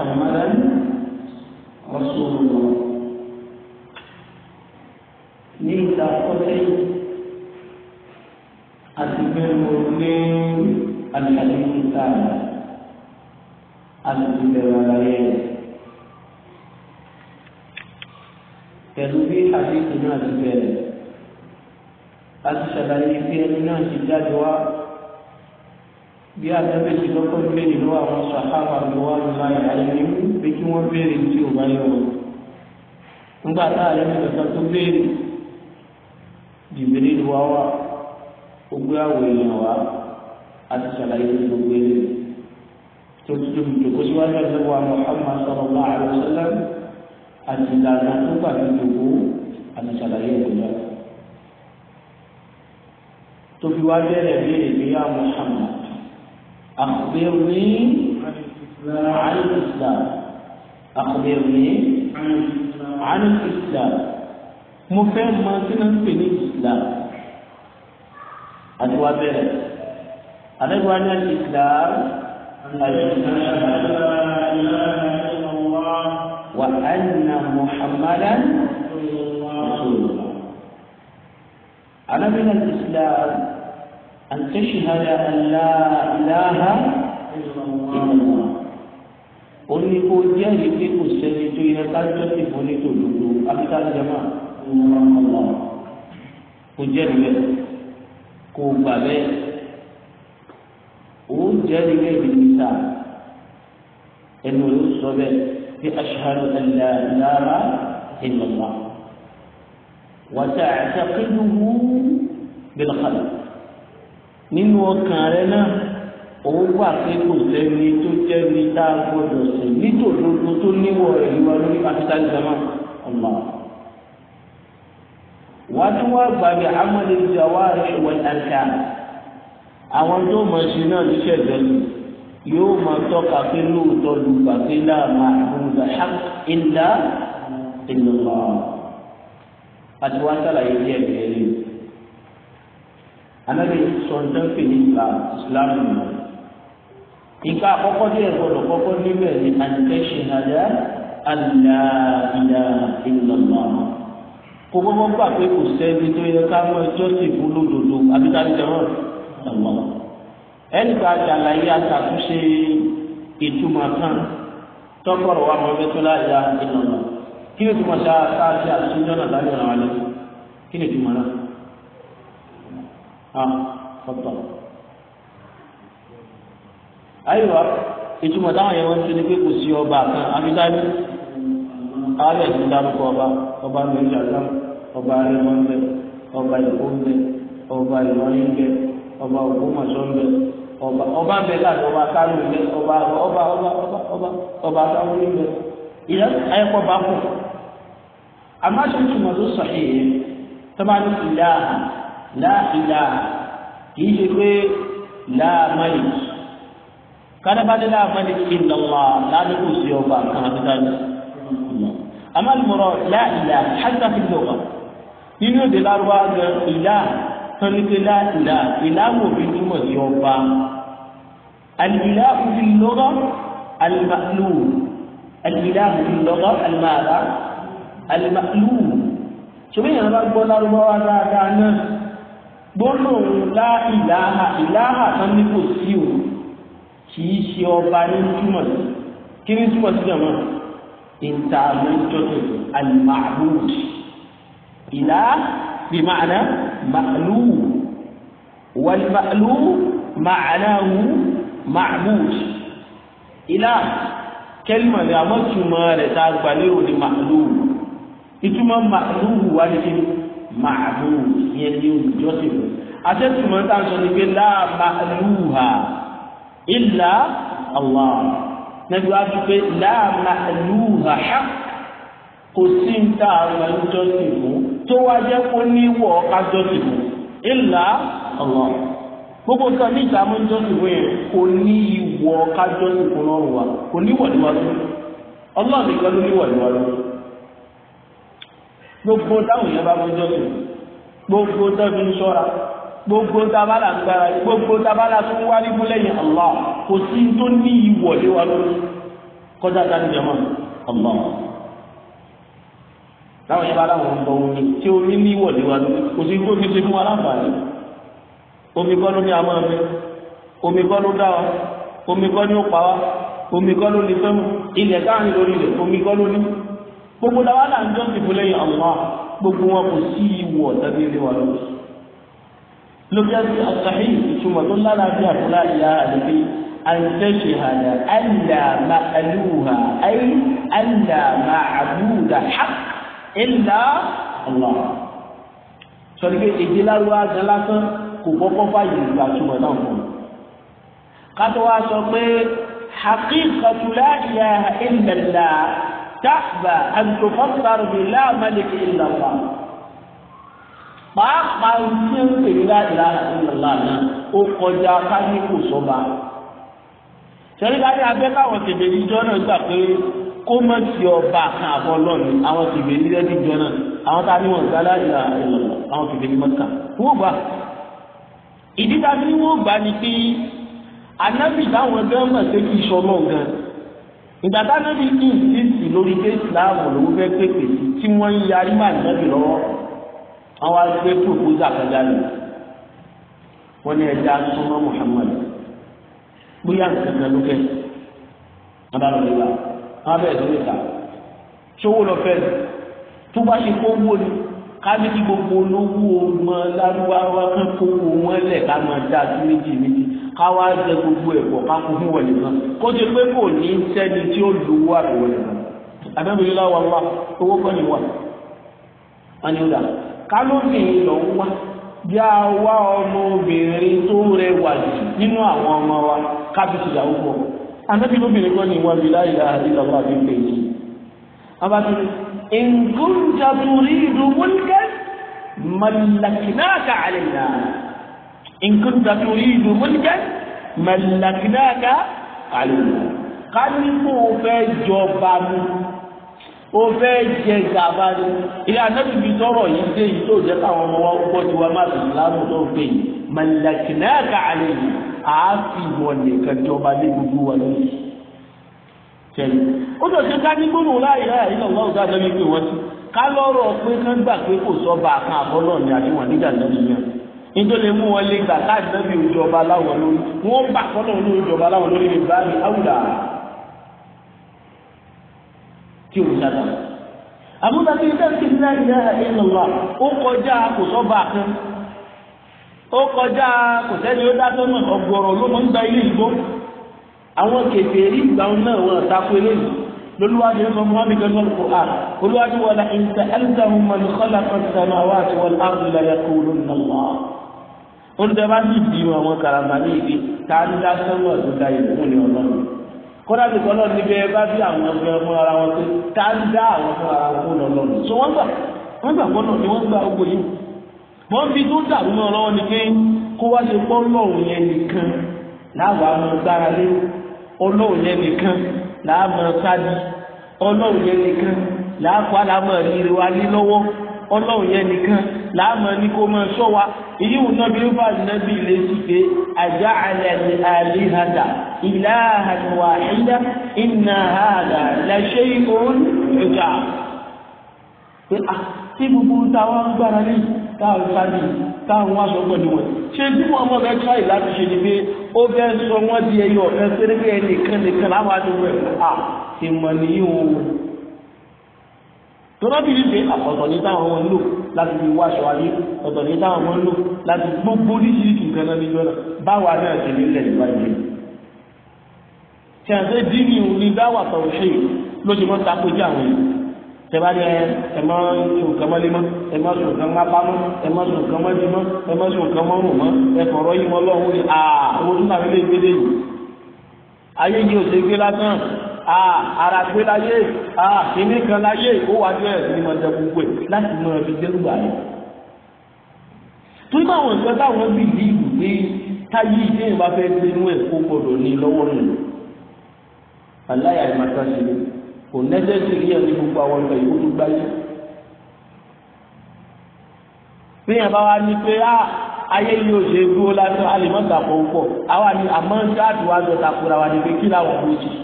محمدا رسول الله نيتا قتل أتبر مؤمن الحديث الثاني أتبر عليه كذبي حديث الناس بينه أتشبه في الناس جدوى bí àtẹ́bẹ̀ sí lọ́kọ́ ilé ìlú àwọn sàhábà ló wà lọ́la àìní pé kí wọ́n béèrè tí ò bá yọ̀ wọ́n. nígbà tá a lẹ́nu kankan tó béèrè jìbìrì wa wá gbogbo àwọn èèyàn wa a ti ṣàlàyé gbogbo èèyàn tó ti tóbi jòkó síwájú ẹ̀sẹ̀ wa Muhammad sallallahu alaihi wasallam àti ìlànà tó gbà fi jòkó a ti ṣàlàyé ìgbéyà. tó fi wá bẹ́ẹ̀ bẹ́ẹ̀ Muhammad. أخبرني عن الإسلام أخبرني عن الإسلام مفهم ما تنم في الإسلام أدوى بيرك أدوى أن الإسلام أشهد أن لا إله إلا الله وأن محمدا رسول الله أنا من الإسلام أن تشهد أن لا إله إلا الله أني أوجه لكي أسجد إلى قلبك فني تدوك أكثر جماعة الله أوجه لكي كوبا لكي بالنساء إنه يوصف أشهد أن لا إله إلا الله وتعتقده بالخلق nínú ọkàn rẹ náà òun wà pé kò sẹ́ni tó jẹ́ ní tá a gbọ́dọ̀ sí nítòdodo tó níwọ̀ rẹ̀ ìwà lórí pakistan jama ọ̀la. wàá tún wá gbàgbé amọ̀lẹ̀ ìjàwá rẹ̀ wọ̀ ẹ̀ka àwọn tó mọ̀ sí náà ní sẹ́gbẹ̀lú yóò máa tọ́ka pé lóòótọ́ lu gbàgbé láàmà àbúrò hàn ìlà ìlú lọ. àti wá sàlàyé díẹ̀ díẹ̀ lẹ́yìn anabi sọ̀ntẹ́fì ní islam islam nù. ìka àkọ́kọ́ tí ẹ̀ gbọ́dọ̀ kọ́kọ́ níbẹ̀ ni àtẹ̀síhàdá aláìláà ìlànà. kò gbọ́dọ̀ gbà pé kò sẹ́ni tó yẹ ká mọ ẹjọ́ sì fún lódodo àbíkájú tẹ̀wọ́n ẹ̀wọ̀n. ẹnì kan àṣàlàyé àtàtúnṣe ìtumọ̀ kan tọ́kọ̀rọ̀ wa mọ̀ ẹgbẹ́ tó láyà ìlànà. kí ni ìtumọ̀ sáà sáà sí àtúnṣe náà lálẹ́ ọ̀rọ̀ alẹ́ kí ni ìtumọ̀ náà? اه تفضل ايوه ìtumọ̀ táwọn yẹn wọ́n ti ní pé ọba kan abidani ààrẹ ti dárúkọ ọba ọba ọba arẹmọ ń ọba ìkó ọba ìlọrin ọba ògbómọ̀ṣọ́ ń ọba ọba ọba kánò ń ọba ọba ọba ọba ọba sáwọn láàfíà kìí ṣe pé láàmáyì kádábádé láàmáyì ìlànà ládùúgbò sí ọba kan àti dájú. àmọ́ àlùmọ́rọ̀ láìlà ṣáìsà fi lè wà nínú èdè lárúbá gan ìlà tán ní pé láìlà ìlàwò mi túmọ̀ sí ọba. àlìlà fi lọ́gọ́ àlìmàlù àlìlà fi lọ́gọ́ àlìmàlà àlìmàlù. ṣùgbọ́n ìyàrá bá gbọ́ lárúbáwá dáadáa náà gbólóhùn lá ìláhà ìláhà tán ní kò sí o kì í ṣe ọba ní túmọ̀ sí kí ní túmọ̀ sí jàmọ́ ìtàlójọ́tò al-ma'bud ìlà bí ma'ana ma'lú wal ma'lú ma'anahu ma'bud ìlà kẹlìmọ̀ ni rẹ̀ tá a gbà lérò ní ìtumọ̀ ma'lú wà ní màálù yẹn ní olùjọ́sìn lọ. àtẹ̀tùmọ̀ tá a sọ ni pé láà màálù hà ìlà Allah nàbí wàá fi pé láà màálù hà ṣá kò sí ń tà àwọn olùjọ́sìn fún tó wá jẹ́ kó níwọ̀ kájọ́sìn fún ìlà Allah gbogbo nǹkan ní ìdààmú jọ́sìn yẹn kò ní ìwọ̀ kájọ́sìn lọ́rùn wa kò níwọ̀ níwájú ọlọ́run nìkan ló níwọ̀ níwájú gbogbo táwọn èèyàn bá gbọ́jọ́ sí gbogbo tẹ́bí ń ṣọ́ra gbogbo tabala ń gbára gbogbo tabala tó ń wá nígbó lẹ́yìn Allah kò sí tó ní ìwọlé wa lórí kọjá tá níjọ mọ́ Allah táwọn èèyàn bá láwọn ń bọ omi tí omi ní ìwọlé wa lórí kò sí gbómi ṣe fún wa láǹfààní omi kọ́ ní amọ́ mi omi kọ́ dá wa omi kọ́ ní ó wa omi kọ́ ní fẹ́ ilẹ̀ káàrin lórí ilẹ̀ omi kọ́ ní gbogbo làwọn náà ń jọ sí fún lẹ́yìn Allah gbogbo wọn kò sí ìwọ tàbí ilé wa lọ lóbi àti àtàhí ìtumọ̀ tó lára bí àkúrà ìyá àdébí àìsẹ́sẹ̀ hàdà àìlà màálùhà àì àìlà màábùdà hà ìlà Allah. sọ̀rọ̀ pé èdè lárúbá gan lásán kò kọ́kọ́ fàyè ìgbà túmọ̀ náà fún un. kátó wá sọ pé haqiqatu la ilaha tàbà àtòfọ́sọ̀rọ̀ bíi láàmàlìkì ìlànà pàápàá tí ń pèrè láìlá ìlànà náà ó kọjá káníkù sọba sẹ́ríkàdé abẹ́káwọn tèbèrè ìjọ náà gbà pé kó mọ̀ sí ọba kan àbọ̀ lọ́nù àwọn tèbèrè lẹ́dí ìjọ náà àwọn tá a ní wọn gbà ìlànà àwọn tèbèrè mọ́ta wọ́n gbà ìdí tá a ní gbà ni pé anábì táwọn ẹgbẹ́ mọ̀ sí kí ìṣọ́ náà gan-an ìgbà táwọn ẹbí tún sísì lórí pé ìsìláàmù lòún fẹ́ pèpè tí wọ́n ń yarí máa nẹ́bí lọ́wọ́ wọ́n wá gbé pòpósà kájà lọ wọ́n ní ẹja súnmọ́ Muhammad bóyá nǹkan kan ló fẹ́ wọ́n bá lọ nígbà wọ́n bẹ̀rẹ̀ sí níta ṣówó lọ fẹ́ tó bá ṣe kó wó ni kábíyì gbogbo olówó ọmọ lárúbáwá kan kó wó wọn lẹ̀ ká máa dá sí méjì méjì káwá ṣe gbogbo ẹ̀kọ́ ká kún fún wọn nìkan kó ṣe pé kò ní sẹ́ni tí ó lu owó àbẹ̀wò nìkan àbẹ̀wò láwa wa owó kan ní wa wọn ni ó dà kálófin lọ wá bí a wá ọmọbìnrin tó rẹwà jù nínú àwọn ọmọ wa kábíyèsí ìyàwó pọ̀ àtàbí lóbìnrin kan ní ìwà bí láìlà àdìsàbọ̀ àbí pèjì abatuli nkunta turidu mulkan malakinaka alayna in kunta turidu mulkan mallaknaka alayna ká ní kó o fẹ́ jọba mi o fẹ́ jẹ gàba ni ilé anábì fi sọ̀rọ̀ yìí dé yìí tó jẹ́ káwọn ọmọ wa gbọ́ tiwa má fi lánàá tó gbé yìí mallaknaka alayna àá fi wọ̀ nìkan jọba lé gbogbo wa lórí tẹ̀lé ó sọ ṣe ká ní gbóòrò láì láyà yìí lọ́wọ́ ọ̀gá àjọ wípé wọ́n ti ká lọ́rọ̀ pé kán gbà pé kò sọ́ba kan àbọ́lọ̀ ni àti wà nígbà lẹ́nu yẹn nítorí lè mú wọn lé gbà láì nábì òjọba láwọn lórí wọn bá kọ́nà ní òjọba láwọn lórí lè bá mi áwùdà tí o sábà. àbúrò tí ìfẹ́ ti ní àyè ìlọ́wà ó kọjá kò sọ́ba kan ó kọjá kò sẹ́ni ó dákẹ́ mọ̀ ọ̀gbọ̀rọ̀ ló máa ń gba ilé ìgbó àwọn kèfèrí ìgbà náà wọn tako eléyìí lóluwájú ẹ̀rọ muhammed gbẹ́gbẹ́ lóko a olùwájú wọn la ìntẹ̀ ẹ̀ńtẹ̀ ọmọ nìkọ́lá kan sàmáwá àti wọn á ń lọ yẹ kó lónìí náà. oúnjẹ bá sì di wọn àwọn karama ní ibi tá a ní lásán wọ̀ tó da ìlú ní ọlọ́run kódà ní kọ́lọ́ níbẹ̀ bá bí àwọn ọmọ ọmọ ara wọn pé tá ń dá àwọn ọmọ ara wọn wọ́n gbà wọ́n gbà ni wọ́n gba owó yìí wọ́n fi tó dàrú ni pé kó wá ṣe pọ́ lọ́run yẹn nìkan láwọn gbára lé ọlọ́run yẹn nìkan ọlọ́run yẹn nìkan láàmú ni kó máa sọ wa èyí wò náà bí ó bá nàbí ilé sí pé àjà àlẹ́ àlẹ́ hàdà ìlà àhàdùwà ìdá ìnà hàdà làṣẹ ìhòòhùn ìjà. pé a tí gbogbo táwọn gbára lé táwọn sábì táwọn wá sọ pẹ̀lú wọn ṣé bí wọn mọ̀ bẹ́ẹ̀ tíráì láti ṣe ni pé ó fẹ́ sọ wọ́n di ẹyọ ọ̀fẹ́ pé ẹnìkan nìkan láwọn àdúgbò ẹ̀ tọ́lábìrì ṣe àtọ̀tọ̀ ah, ní táwọn ọmọ ń lò láti fi wá aṣọ ayé ọ̀tọ̀ ní táwọn ọmọ ń lò láti gbogbo oríṣiríṣi nǹkan náà níjọ́ náà báwa náà ṣe nílẹ̀ ìwádìí tí a ṣe dínì ní dáwà tó ṣe ló ti mọ́ takojú àwọn èèyàn tẹ́bàdì ẹ ẹ má sùn kàn mọ́lé mọ́ ẹ má sùn kàn má bámọ́ ẹ má sùn kàn mọ́lé mọ́ ẹ má sùn kàn mọ́rùn mọ́ ẹ kọ̀ọ̀rọ̀ yìí mọ́ lọ́wọ́ ni àà owó tún àfi lè ara gbé láyé kíní kan láyé ó wà ní ẹ̀sìn ní mọ̀jẹ̀ gbogbo ẹ̀ láti mọ ẹbí dẹ́rùbà yẹn. tó bá àwọn nǹkan táwọn bí líìlù pé táyé ìdí ìbá fẹ́ gbé inú ẹ̀ kó gbọdọ̀ ní lọ́wọ́ rẹ̀ lọ. aláya ìmọ̀ta ṣe kò nẹ́sẹ̀sì rí ẹni gbogbo àwọn nǹkan ìkó tó gbáyé. bí yẹn bá wá ní pé ayé yóò ṣe gbó lásán a lè mọ̀ tàpọ̀ púpọ̀ àwa ni àmọ́ ṣáàtì wa jọ tàkùrà wa ni pé kí làwọn méjì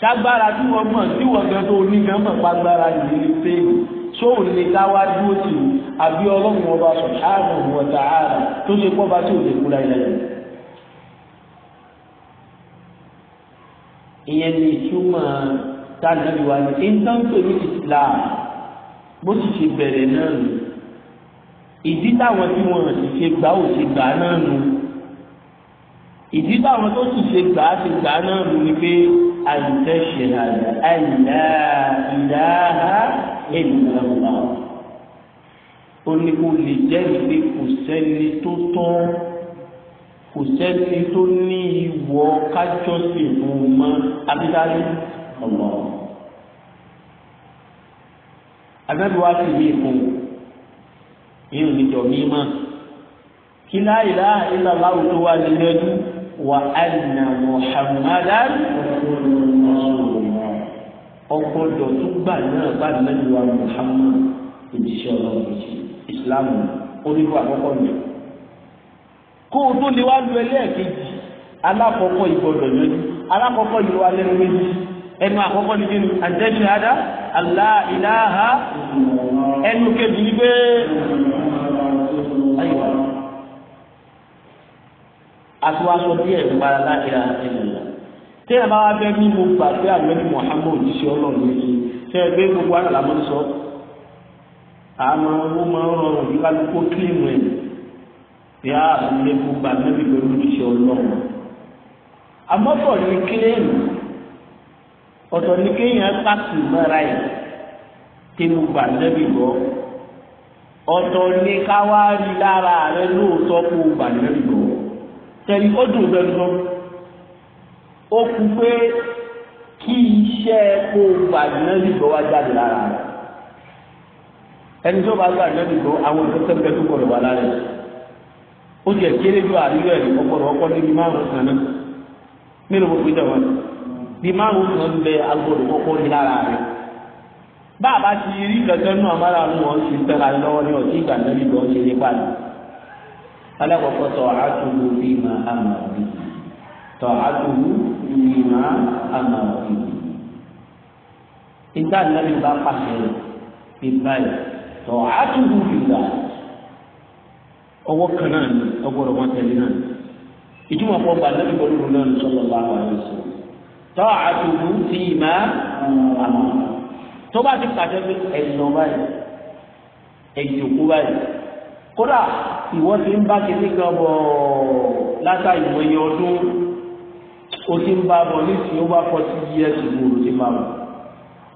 ṣágbára tí wọ́n mọ̀ tí wọ́n gan tó ní gan mọ̀ pàgbára yìí pé sóun lè káwá dúró tì í àbí ọlọ́run ọba subhanahu wa ta'ala tó ṣe pọ́ bá tí ò lè kú láyé ìyẹn ni ìtumọ̀ tánàbí wa ní ìńtánpé ní Islam bó ti ṣe bẹ̀rẹ̀ náà nù ìdí táwọn tí wọn ti ṣe gbà ó ti gbà náà nù ìdí táwọn tó sì ṣe gbà á ṣe gbà á náà ló ní pé àìsẹ̀ṣẹ̀ àìlá ìdáhà ènìyàn wà. ó ní kó lè jẹ́rìí pé kò sẹ́ni tó tọ́ kò sẹ́ni tó ní ìwọ kájọ́sìn fún un mọ́ abídálé ọ̀mọ́. abẹ́bíwá sì ní ìfún yìí ò ní jọ mímọ́ kí láìláà ìlàláwù tó wà nílẹ́dú wà anna muhammadan ọgbọ́dọ̀ tó gbà náà bá nàbí wa muhammad òjíṣẹ́ ọlọ́run islam orílẹ̀ àkọ́kọ́ mi kó o tó lè wá lu ẹlẹ́ẹ̀kejì alákọ̀ọ́kọ́ ìgbọ́dọ̀ yanjú alákọ̀ọ́kọ́ ìlú alẹ́ méjì ẹnu àkọ́kọ́ ní kíni àjẹsẹ̀ ada aláìláha ẹnu kejì ní àti wàá sọ díẹ̀ nípa aláìlá ẹ̀yìnlá tí a máa fẹ́ mímú gbà pé àlọ́lì Mohamed òjíṣẹ́ ọlọ́run ní ṣe é gbé gbogbo àrà lámọ́ sọ àmọ́ owó máa ń rọrùn bí kálukú kílìmù ẹ̀ bí a lè gbogbo ànábì pẹ̀lú òjíṣẹ́ ọlọ́run àmọ́ bọ̀ ní kílìmù ọ̀tọ̀ ní kéèyàn pàṣẹ mọ́ra ẹ̀ tí mo gbà gbọ́ ọ̀tọ̀ ní káwá rí lára rẹ lóòótọ́ kó gbà gbọ́ tẹ̀lé ó dùn bẹ́ẹ̀ lọ ó kú pé kí iṣẹ́ kó gbàdúrà gbọ́ wá jáde lára rẹ̀ ẹni tó bá gbàdúrà gbọ́ àwọn ìfẹsẹ̀ bẹ́ẹ̀ tó gbọ́dọ̀ wà lára rẹ̀ ó jẹ́ kéré ju àríwá ẹ̀rí ọ̀pọ̀lọpọ̀ ọkọ níbi márùn-ún kan náà nínú gbogbo ìjọba bí márùn-ún kan bẹ agbọ̀dọ̀ kọ́kọ́ ní lára rẹ̀ bá a bá ti rí gẹ́gẹ́ nù alákọ̀ọ́kọ́ tọ̀ àtúwò bí ma àmà bí tọ̀ àtúwò bí ma àmà bí. ìta nàbí bá pàṣẹ bí báyìí tọ̀ àtúwò bí ma ọwọ́ kan náà ni ọgbọ́dọ̀ wọn tẹ̀lé náà ìtumọ̀ fún ọba nàbí bọ́lú ló náà sọ̀rọ̀ bá wà ní sọ tọ́ àtúwò bí ma àmà tó bá ti pàṣẹ pé ẹ̀sìn ọba yìí ẹ̀jẹ̀ òkú báyìí kódà ìwọ ti ń bá kìíní kan bọ̀ látà ìwọ iye ọdún o ti ń bá bọ̀ ní tí ó bá fọ́ sí us ìlú o ti máa bọ̀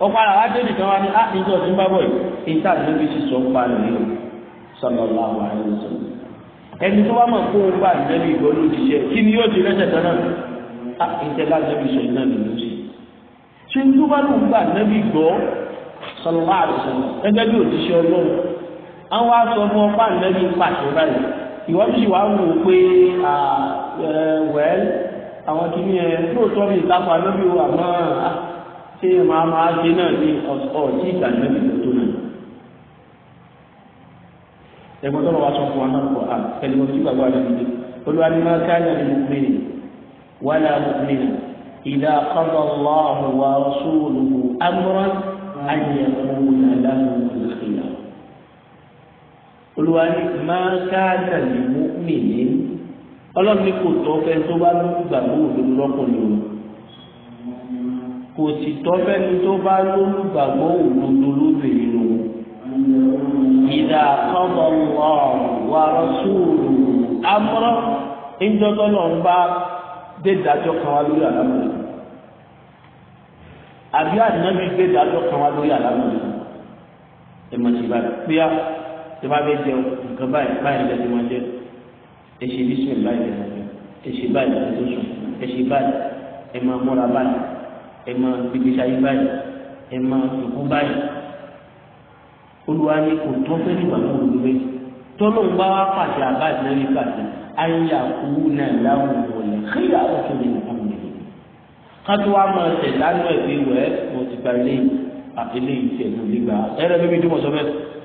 ọ̀pọ̀ àrà wájú nìkan wá ní àtijọ́ ah, ti ń bá bọ̀ yìí níta ní bí sísọ ń pa nìyí o sọlọ bá wà ní sọ. ẹni tó bá mọ̀ kó o gbà nẹ́bí ìgbọ́ ló ti ṣe kí ni yóò ti rẹ́sẹ̀ tán náà á ah, ìtẹ́ bá nẹ́bí sọ iná ní ló ti. ṣé tó bá ló gbà nẹ́bí ìgbọ́ sọlọ àwọn aṣọ fún ọpá ìlẹ́bí pàṣẹ báyìí ìwọ sì wá wò ó pé wẹ́ẹ́l àwọn kìíní ẹ lóòótọ́ mi ìtàkùn alóbi wo àmọ́ ṣé màá máa ṣe náà ní ọ̀tí ìgbàlẹ́bí tó tó náà. ẹgbẹ́ tó lọ wá sọ fún wa náà kọ̀ á ẹni mo ti gbàgbọ́ àdàbí dé olúwa máa ká ní àdìmú mìíràn wàlá mìíràn ìdá kọ́ńtà lọ́hùn wa rọ́ṣùlù amúrán àyẹ̀wò ìlànà ìlànà olùwà ni máa ká nàlẹ́ mú mi ní ọlọ́run ní kò tọ́ fẹ́ tó bá ló gbàgbọ́ òdodo lọ́kùnrin o kò sì tọ́ fẹ́ tó bá ló gbàgbọ́ òdodo lóbìnrin o ìdá kọ́bọ̀ ọ̀hún wà rọ́ṣùlù amúrọ́ ìjọba náà ń bá dé dájọ́ kan wá lórí àlámọ̀lẹ́ àbí àdínábì gbé dájọ́ kan wá lórí àlámọ̀lẹ́ ẹ̀ pé á tó bá bẹ jẹ nǹkan báyìí báyìí lẹ́nu wọn jẹ èsì bísí báyìí lẹ́nu wọn èsì báyìí lẹ́nu tó sùn èsì báyìí ẹ máa múra báyìí ẹ máa gbégbésí ayé báyìí ẹ máa dùkú báyìí olùwà ni kò tó fẹ́ nígbà mọ́ olùwẹ́ tọ́lọ́ ń bá wá pàṣẹ àbáyé náà ní pàṣẹ ayé àkúwú náà láwọn wọlé xíyà ọ̀tún ní nǹkan mi kátó wa máa tẹ̀ lánàá ìwé wẹ̀ mo ti gba ilé àti ilé ìfẹ́ mi nígbà ẹ̀rẹ́ mi bí tí mo sọ bẹ́ẹ̀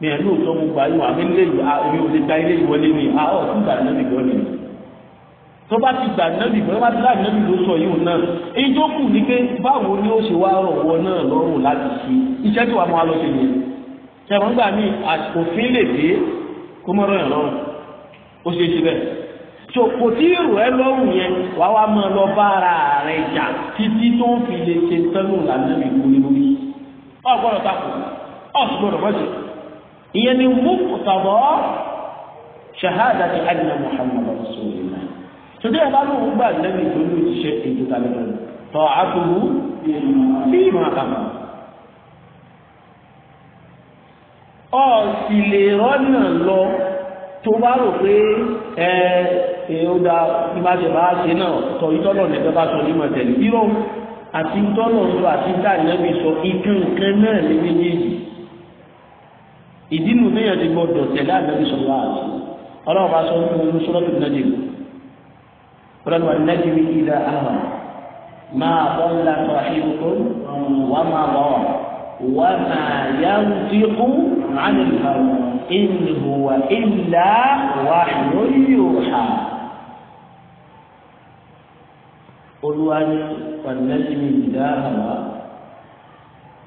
mi ẹ̀ lóòótọ́ mo gbà yín àmì léyìí àmì ò lè gba ilé ìwọlé mi à ọ̀ tún gbà nẹ́bì gan ni tó bá ti gbà nẹ́bì gan bá ti láì nẹ́bì ló sọ yìí náà ìjókù ni pé báwo ni ó ṣe wá rọ̀ wọ náà lọ́rùn láti fi iṣẹ́ tí wàá máa lọ sí ni ṣẹ̀wọ̀n gbà mí òfin lè dé kó mọ́ rọ̀ lọ́rùn ó ṣe é ṣe bẹ́ẹ̀ so kò tí ì rò ẹ́ lọ́rùn yẹn wàá wá máa lọ bá ara rẹ̀ jà títí tó ń fi lè ṣe tẹ́lù lànà ìgbóni lórí ọ̀gbọ́dọ̀ takò ọ̀sùn gbọ́dọ̀ mọ́ṣẹ́ ìyẹn ni mọ́kùtàbọ̀ ṣahada ti anna muhammadu rasulillah tòdí ẹ̀ bá ló ń gbà lẹ́nu ìdóló ìṣiṣẹ́ èdè tàbí tọ́ àtúwú bí ìmọ̀ àmà. ọ sì lè rọ́nà lọ tó bá rò pé ẹ èèyàn da ìbáṣe bá ṣe náà tọ ìtọ́nà nìkan bá sọ nímọ̀ tẹ̀lé bí rọ àti ìtọ́nà sọ àti ìtàn ìnáwó sọ ìkan kan náà lé méjèèjì ìdínú téèyàn ti gbọdọ̀ tẹ̀lé ànábì sọ̀rọ̀ àti ọlọ́run bá sọ nínú inú sọ́lọ́tù nàdìmù ọlọ́run wà nàdìmù ìdá àhà máa bọ́ ńlá sọ àṣìkò wà máa bọ̀ wà máa yá ń kú àmì ìfàwọ̀ ìlú wà ìlà wà lórí òòhà. olúwa ni wà nàdìmù ìdá àhà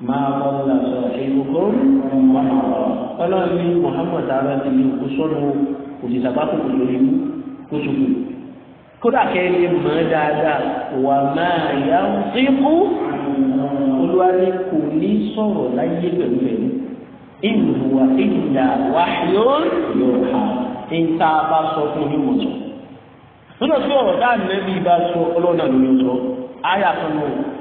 máa bọ́ ọ́nà sọ ìlúkọ́ ọlọ́run ní Muhammad ara ti ní òkú sọ́nù òṣìṣẹ́ àbákòkò lórí kóṣùkù kódà kẹ́lẹ́ mọ́ dáadáa wà máa yá ń sínkú olúwarí kò ní sọ̀rọ̀ láyé pẹ̀lú ẹ̀mí ìlúwa ìlà wáyó yóò hà níta bá sọ fún ní mọ̀tọ́ nínú tí ọ̀rọ̀ dáa nẹ́bí bá sọ ọlọ́dà lórí ọ̀tọ̀ ayà kan náà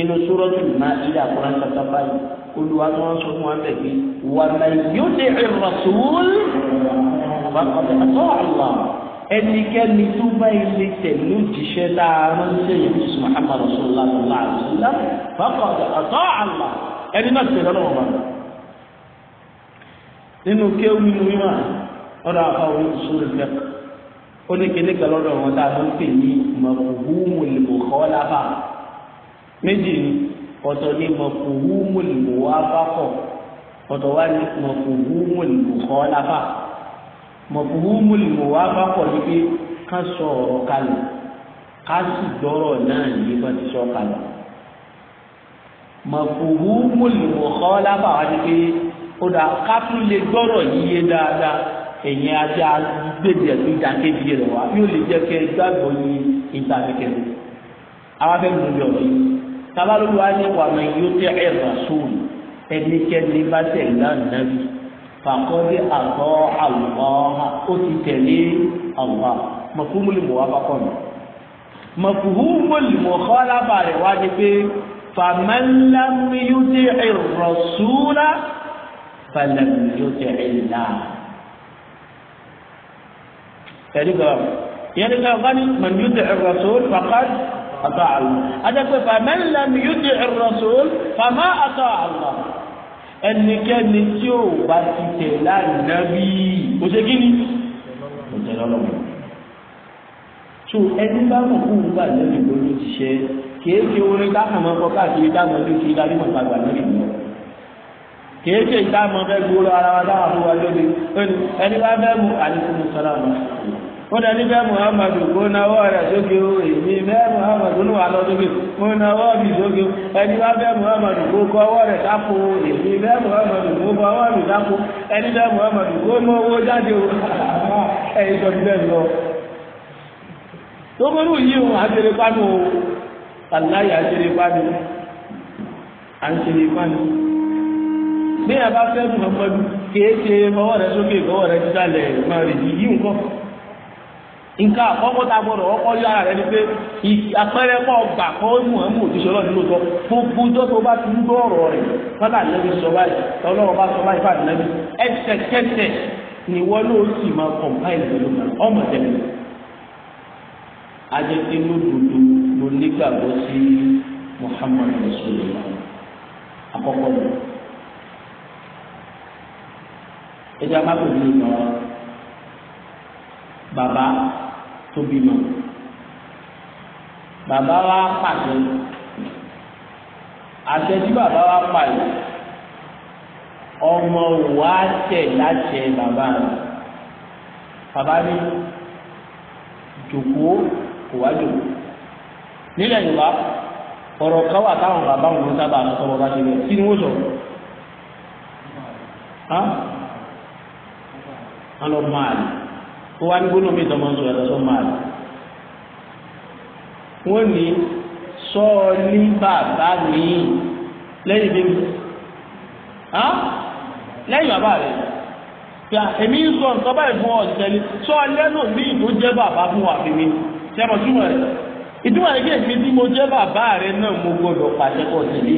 inú súrọ́tù náà ilé àkùrán kàtà báyìí olùwà tó wọn sọ fún wa bẹ̀ bí wà máa yóò dé ìrọ̀sùn bákọ̀tẹ̀ àtọ́ àlọ́ ẹnikẹ́ni tó bá ilé tẹ̀lé òjíṣẹ́ láàárín sẹ́yìn bísí muhammad rasulullah sallallahu alayhi wa sallam bákọ̀tẹ̀ àtọ́ ẹni náà tẹ̀lé ọ̀rọ̀ wọn. nínú kéwù nínú mímọ́ ọ̀dọ̀ àfáwọn ìṣòro ìlẹ́kọ̀ọ́ ó ní kíní kan wọn tá pè ní mọ̀kúhùmù méjì ni ọ̀tọ̀ ni mafhumul muwafaqa ọ̀tọ̀ wá ní mafhumul mukhalafa mafhumul muwafaqa ni pé ká sọ ọ̀rọ̀ kalẹ̀ ká sì gbọ́rọ̀ náà ní bá ti sọ kalẹ̀ mafhumul mukhalafa wá ní pé ó dà ká tún lè gbọ́rọ̀ yíyé dáadáa ẹ̀yin àti agbègbè ẹ̀sùn ìdákejì rẹ̀ wá yóò lè jẹ́ kẹ́ gbàgbọ́ ní ìtàkẹ́kẹ́ àwọn afẹ́ mi ló bí ọ̀rọ̀ yìí tabalu wa ni wa man yuti rasul ẹnikẹ́ni bá tẹ̀lé ànábì fàkọ́dé àtọ́ àlùbọ́ha ó ti tẹ̀lé àwùbá mọ̀kúmùlì mọ̀ wá bá kọ́ mi mọ̀kúmùlì mọ̀ kọ́ lábàá rẹ̀ wá ni pé fàmẹ́lẹ́mí yuti rasula fàlẹ́mí yuti ìlà ẹ̀rí gbọ́dọ̀ yẹn ni ká wá ní man yuti rasul fàkọ́dé àtàwọn adẹ́pẹ́ fàmẹ́lẹ́mì yóò di ar-rasul fàmà àtà àlọ́ ẹnikẹ́ni tí ò bá ti tẹ̀ lánàbí kò ṣe kíni kò tẹ̀ lọ́lọ́mọ. tó ẹni bá mọ̀ kó ń gbà lẹ́nu lórí ṣiṣẹ́ kìí ṣe orin dáhùn mọ́ kọ́ káàkiri dáhùn lórí ṣe dáhùn mọ́ gbàgbà lórí ìlú kìí ṣe ìdáhùn mọ́ fẹ́ ara wa dáhùn fún wa lórí ẹni bá fẹ́ mú àlékún sọ́lá ọ̀nà wọ́n dẹni nígbẹ́ muhammadu kó nawọ́ rẹ̀ sókè ó èmi bẹ́ẹ̀ muhammadu ní wà lọ sókè mo nawọ́ sókè ó ẹni muhammadu kó ọwọ́ rẹ̀ sáko ó muhammadu kó ọwọ́ ẹni bẹ́ẹ̀ muhammadu kó owó jáde ó sọ lọ. yìí pánú o aláyé àṣírí pánú àṣírí pánú bí ẹ muhammadu kì nǹkan àkọ́kọ́ tá a gbọ́dọ̀ ọkọ́ yọ ara rẹ ni pé àpẹẹrẹ mọ́ ọgbà kọ́ mọ̀ọ́mù òjíṣẹ́ ọlọ́run ló sọ gbogbo ọjọ́ tó bá ti ń gbọ́ ọ̀rọ̀ rẹ̀ sábà lẹ́bi sọ báyìí ọlọ́run bá sọ báyìí fàdí lẹ́bi ẹsẹ̀kẹsẹ̀ ni wọ́n ló sì máa kọ̀m̀páìlì pẹ̀lú ọmọ tẹ̀lé ajẹ́pẹ́ lódodo ló nígbàgbọ́ sí Muhammad rasulillah àkọ́kọ́ lọ ẹja má bẹ̀rẹ̀ lọ Baba tó bímọ bàbá wa pàṣẹ àṣẹ tí bàbá wa pàṣẹ ọmọ wa tẹ̀ láṣẹ bàbá rẹ bàbá mi jòkó kò wá jòkó nílẹ̀ yorùbá ọ̀rọ̀ kan wà táwọn bàbá wọn sábà sọ̀rọ̀ láti rẹ̀ kí ni wọ́n sọ. alọ́ máa lè ó wá ní gbólóhùn mi tọmọ sọ yàtọ̀ sọ máa lò wọn ní sọ ọ ní bàbá mi lẹ́yìn bíbí lẹ́yìn bàbá rẹ gba èmi ń sọ nǹkan báyìí fún ọ̀sẹ̀ ni sọ lẹ́nu mi tó jẹ́ bàbá fún wa fi mi sẹ́mọ̀ túmọ̀ rẹ̀ ìtumọ̀ rẹ̀ kí èmi tí mo jẹ́ bàbá rẹ̀ náà mo gbọdọ̀ pàṣẹ pọ̀ tẹ̀lé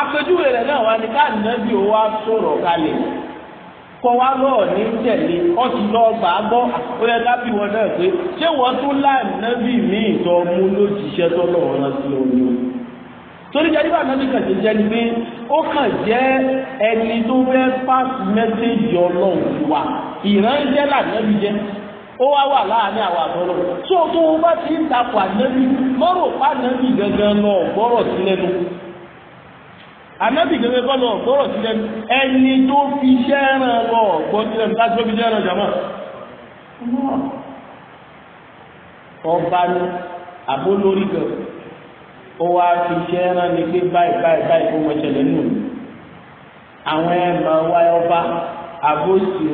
àpèjúwe rẹ̀ náà wá ní káàdì náà bí o wá ọkọ wa lọ́ọ̀ ní tẹ̀lé wọ́n ti lọ gbà á gbọ́ ó yẹ ká bí wọn náà pé ṣé wọ́n tún láàmì nábì mí ìtọ́ mú lójíṣẹ́ tọ́lọ̀ wọn lọ sí omi o. torí jẹ́ nígbà náà nìkan ṣe jẹ́ ni pé ó kàn jẹ́ ẹni tó fẹ́ pass message ọlọ́run wa ìránṣẹ́ làǹdẹ́bí jẹ́ ó wá wà láàrin àwọn àbọ̀rọ̀ tó tó bá ti ń takò ànábì mọ́rò pànábì gangan lọ gbọ́rọ̀ sílẹ̀ nù anábì gẹ́gẹ́ bọ́lọ̀ ọ̀gbọ́rọ̀ sílẹ̀ ẹni tó fi ṣẹ́ràn lọ ọ̀gbọ́n sílẹ̀ láti tó fi ṣẹ́ràn jàmọ́ ọba ní àbólórí kan ó wá fi ṣẹ́ràn ní pé báyìí báyìí báyìí kó wọ́n ṣẹlẹ̀ nù àwọn ẹ̀mọ̀ wa ọba àbòsí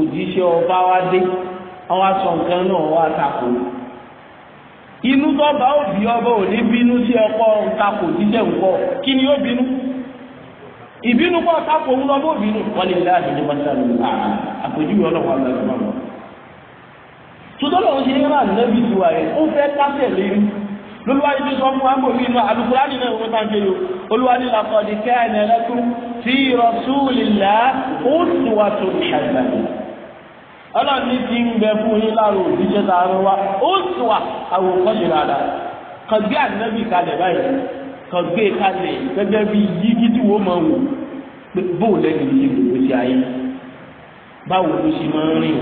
òjíṣẹ́ ọba wa dé wọ́n wá sọ nǹkan náà wọ́n wá takò inú tó bá òbí ọba ò ní bínú sí ọkọ ntakò jíjẹ nǹkan kí ni ó bínú. ìbínú kọ́ sáfò òun lọ bó bínú wọ́n lè láàyè ní mọ́sálù àrà àpèjúwe ọlọ́wọ́ àgbàlagbà wọn. sọdọ́lọ́wọ́ ṣe ní ràn lẹ́bi ju ààrẹ ó fẹ́ kásẹ̀ lérí lóluwájú tó sọ fún alukurani náà wọ́n tán ṣe làkọ́dí tí ó wá tó ti ń bẹ fún yín láàrú wa ó wá kan gbé kalẹ̀ gẹ́gẹ́ bí yíkí tí wọ́n máa wò pé bóun lẹ́yìn ṣe gbogbo ṣe ayé báwo ló ṣe máa ń rìn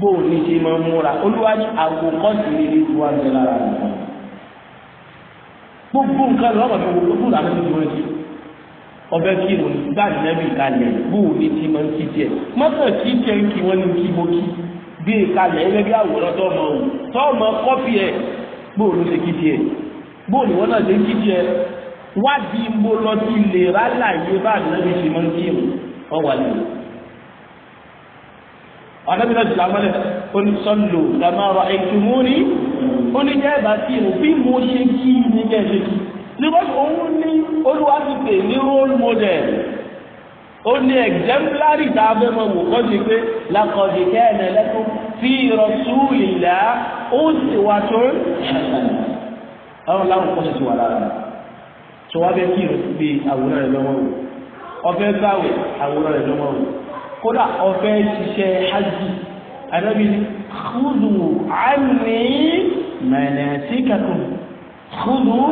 bóun ní ṣe máa ń múra olúwa ní àwòkọ́sí rere tó wà ní lára rẹ̀ gbogbo nǹkan lọ́wọ́ mi wò gbogbo làwọn ti wọ́n ṣe ọbẹ̀ kí ló ní bá nẹ́bí kalẹ̀ bóun ní ṣe máa ń kí tiẹ̀ mọ́tò kí tiẹ̀ ń kí wọ́n ní kí mo kí bí kalẹ̀ ẹgbẹ́ bí àwòrán tó mọ̀ bóòlù wọn náà ṣe ń kíkí ẹ wádìí mo lọ sí ilé ráláyé bá àdínábì ṣe máa ń kí ìmù ọwà ni ọ̀nàbí náà jùlọ amọ́lẹ̀ ó ní sọ́nlò dàmárọ̀ ẹ̀kúnmúrí ó ní jẹ́ ẹ̀bà sí ìmù bí mo ṣe kí ní kẹ́ẹ̀ṣe kí because òun ní olúwa ti pè ní role model ó ní exemplary tá a fẹ́ mọ wò kọ́ sí pé lakọ̀dì kẹ́ẹ̀nẹ̀ lẹ́kọ̀ọ́ fi rasúlillah ó sì wà tó ṣàṣàlẹ̀ àwọn láwọn kọ́ ṣètò wà lára tó wá bẹ́ kí ìrìn gbé àwòrán rẹ̀ lọ́wọ́ wò ọbẹ̀ gbàwẹ̀ àwòrán rẹ̀ lọ́wọ́ wò kódà ọbẹ̀ ṣiṣẹ́ hajj anábì kúdù àmì mànàtíkàkùn kúdù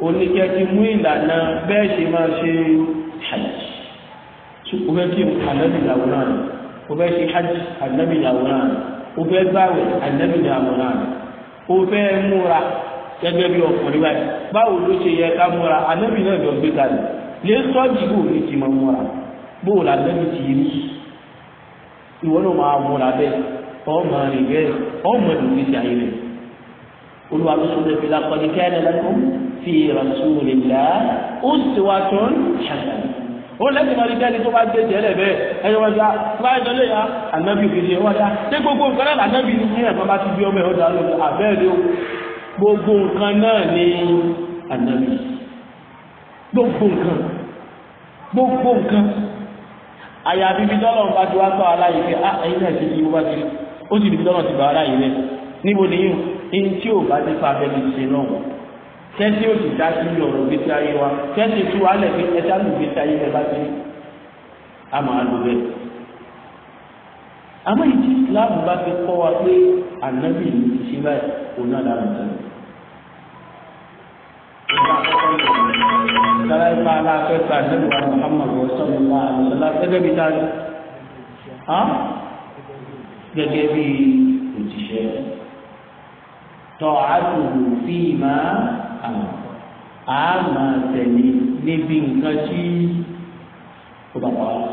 oníkẹ́ ti mú ìlànà bẹ́ẹ̀ ṣe máa ṣe hajj o bẹ kí anabi làwòrán o bẹ ṣe hajj anabi làwòrán o bẹ gbàwẹ̀ anabi làwòrán o bẹ múra gẹ́gẹ́ bí ọkùnrin báyìí báwo ló ṣe yẹ ká múra anabi náà jọ gbé kalẹ̀ lè sọ́ọ̀dì bò ní ti máa múra bò là anabi ti yé mi ìwọ ló máa múra bẹ́ẹ̀ ọmọ rẹ̀ bẹ́ẹ̀ ọmọ rẹ̀ ti ṣe àyè rẹ̀ olùwà sọ̀rọ̀ bí la kọ́ni لكم في رسول الله uswatun hasan ó lẹ́sìn máa rí bẹ́ẹ̀ni tó bá gbé jẹ́lẹ̀ bẹ́ẹ̀ ẹ̀yọ́ wájú láìjọ lè ya ànábì òkèdè wájú ṣé gbogbo nǹkan náà ànábì ní ẹ̀yà tó bá ti bí ọmọ ẹ̀ ọ̀dà lọ́dọ̀ àbẹ́ẹ̀lì o gbogbo nǹkan náà ni ànábì gbogbo nǹkan gbogbo nǹkan àyàfi bí tọ́lọ̀ ń bá ti wá tọ́ aláyè pé ah, ẹ̀yìn náà ti di bó bá ti ó sì di tọ́lọ̀ ti bá aláyè rẹ̀ níbo nìyí ntí ò bá ti fa abẹ́ni se náà wọ̀ kẹ́sí ò sì dá sí ọ̀rọ̀ gbèsè ayé wa kẹ́sí tú alẹ̀ fi ẹ̀dá lù gbèsè ayé rẹ̀ bá ti a máa lò bẹ́ẹ̀. àmọ́ ìdí láàbù bá fi kọ́ wa pé ànábì ní ti ṣe báyìí òun náà dára jù. Sára ipa aláfẹ́ ta ànábì wa Muhammad wa sọ́nù wa àlùsọ́lá gẹ́gẹ́ bí táyà. Gẹ́gẹ́ bí òjìṣẹ́ ta'atuhu fima àmọ́ a máa tẹ̀lé níbi nǹkan tí ó bá pa wá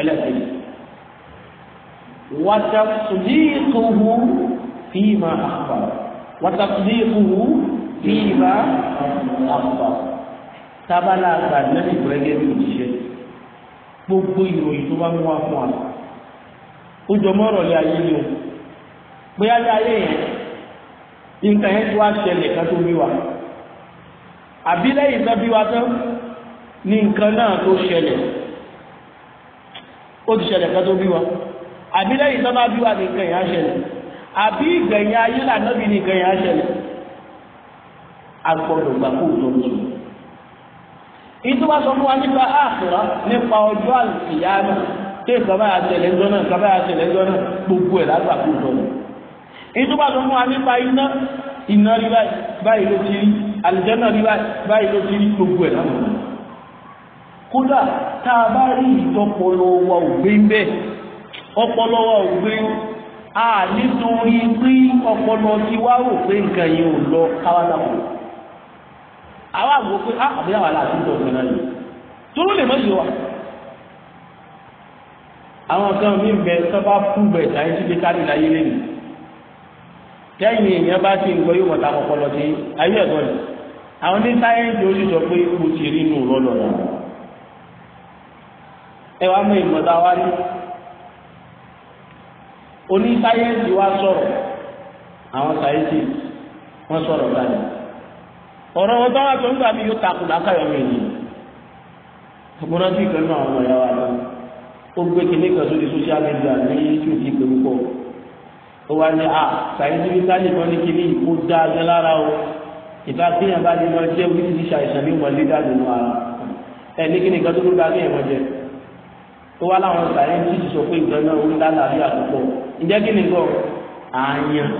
ẹlẹ́sìn wàtàkùnìkùhù fíìmà àpà wàtàkùnìkùhù fíìmà àpà tábàlà àgbà lẹ́sìn gbẹ́gẹ́ bí òṣìṣẹ́ gbogbo ìròyìn tó bá mú wa fún wa ó jọ mọ́ lé ayé ni o pé ayé ayé yẹn nǹkan yẹn tó wá ṣẹlẹ̀ kan tó bí wa àbí lẹ́yìn tó bí wa tán ní nǹkan náà tó ṣẹlẹ̀ ó ti ṣẹlẹ̀ kan tó bí wa àbí lẹ́yìn tó bá bí wa ní nǹkan yẹn á àbí ìgbẹ̀yìn ayé lànà ní nǹkan yẹn á ṣẹlẹ̀ agbọ́dọ̀ kó tó ń sùn ìtú wa nípa àkùrá nípa ọjọ́ àlùfíà náà kí ìkàbáyà tẹ̀lé ńjọ́ náà ìkàbáyà tẹ̀lé ńjọ́ náà gbogbo ẹ̀ lágbà tó ń ìtúbà tó mú wa nípa iná iná rí báyìí ló ti rí àlìjẹ́nà rí báyìí ló ti rí gbogbo ẹ̀ láwọn kódà tá bá rí ìtọ́pọlọ wa ò gbé ń bẹ́ẹ̀ ọpọlọ wa ò gbé a nítorí pé ọpọlọ ti wá rò pé nǹkan yẹn ò lọ káwáláwò àwa àgbo pé a ah, àbí àwa láti ń tọ́ ọ̀gbìn náà yìí tó ló lè mọ̀ wa àwọn kan mi bẹ sábà fún bẹ sáyẹnsì bí káàdì láyé lẹ́yìn. tẹ́yìn èèyàn bá ti ń gbọ́ yóò mọ̀ta kọ̀kọ́ lọ sí ayé ẹ̀kọ́ ni àwọn ní sáyẹ́ǹsì ó sì pé kò ti rí inú rọ́ọ̀lọ́ náà ẹ wá mọ ìmọ̀ta wá rí oní sáyẹ́ǹsì wá sọ̀rọ̀ àwọn sáyẹ́ǹsì wọ́n sọ̀rọ̀ ọ̀rọ̀ wọn yóò takùn lákàyọ̀ mi nìyí ya tí ìkànnì àwọn ọmọ ìyá wa lọ ó gbé kinní media ní púpọ̀ ó wá ní a sàyẹ́sìbí sáyẹ́ kan ní kíní kó dá a gan lára o ìgbà tí yẹn bá ní wọn jẹ́ oríṣiríṣi àìsàn ní wọn lé dànù nù ara ẹ ní kíní kan tó kúrò bá ní ẹ̀wọ̀n jẹ ó wá láwọn sàyẹ́sìbí sọ pé ìgbà náà ó ń dá làbí àkókò ǹjẹ́ kíní kan àyàn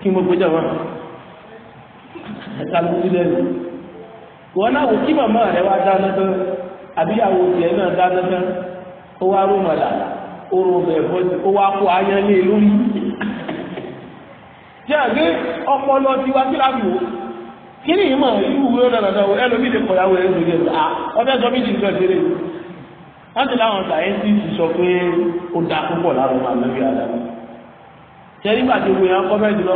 kí mo gbé jọ̀wọ́ ẹ̀ka ló ti lẹ́nu wọn náà wò kí màmá rẹ wá dáná tán àbíyàwó tiẹ̀ náà dáná tán ó wá rú màdàlá oorun ẹ̀fọ́ ti kó wá kó ayán lé e lórí. jẹ́ àgbé ọpọlọ tiwa sí láti wò kí ni ìmọ̀ irú wúlò dandan o ẹlòmí lè kọ̀ yàwó ẹ̀rọ ìgbẹ́ à ọbẹ̀ sọ méjì nǹkan ṣeré wọ́n ti láwọn sàyẹ́ntìsì sọ pé ó da púpọ̀ kọ́mẹ́ntì lọ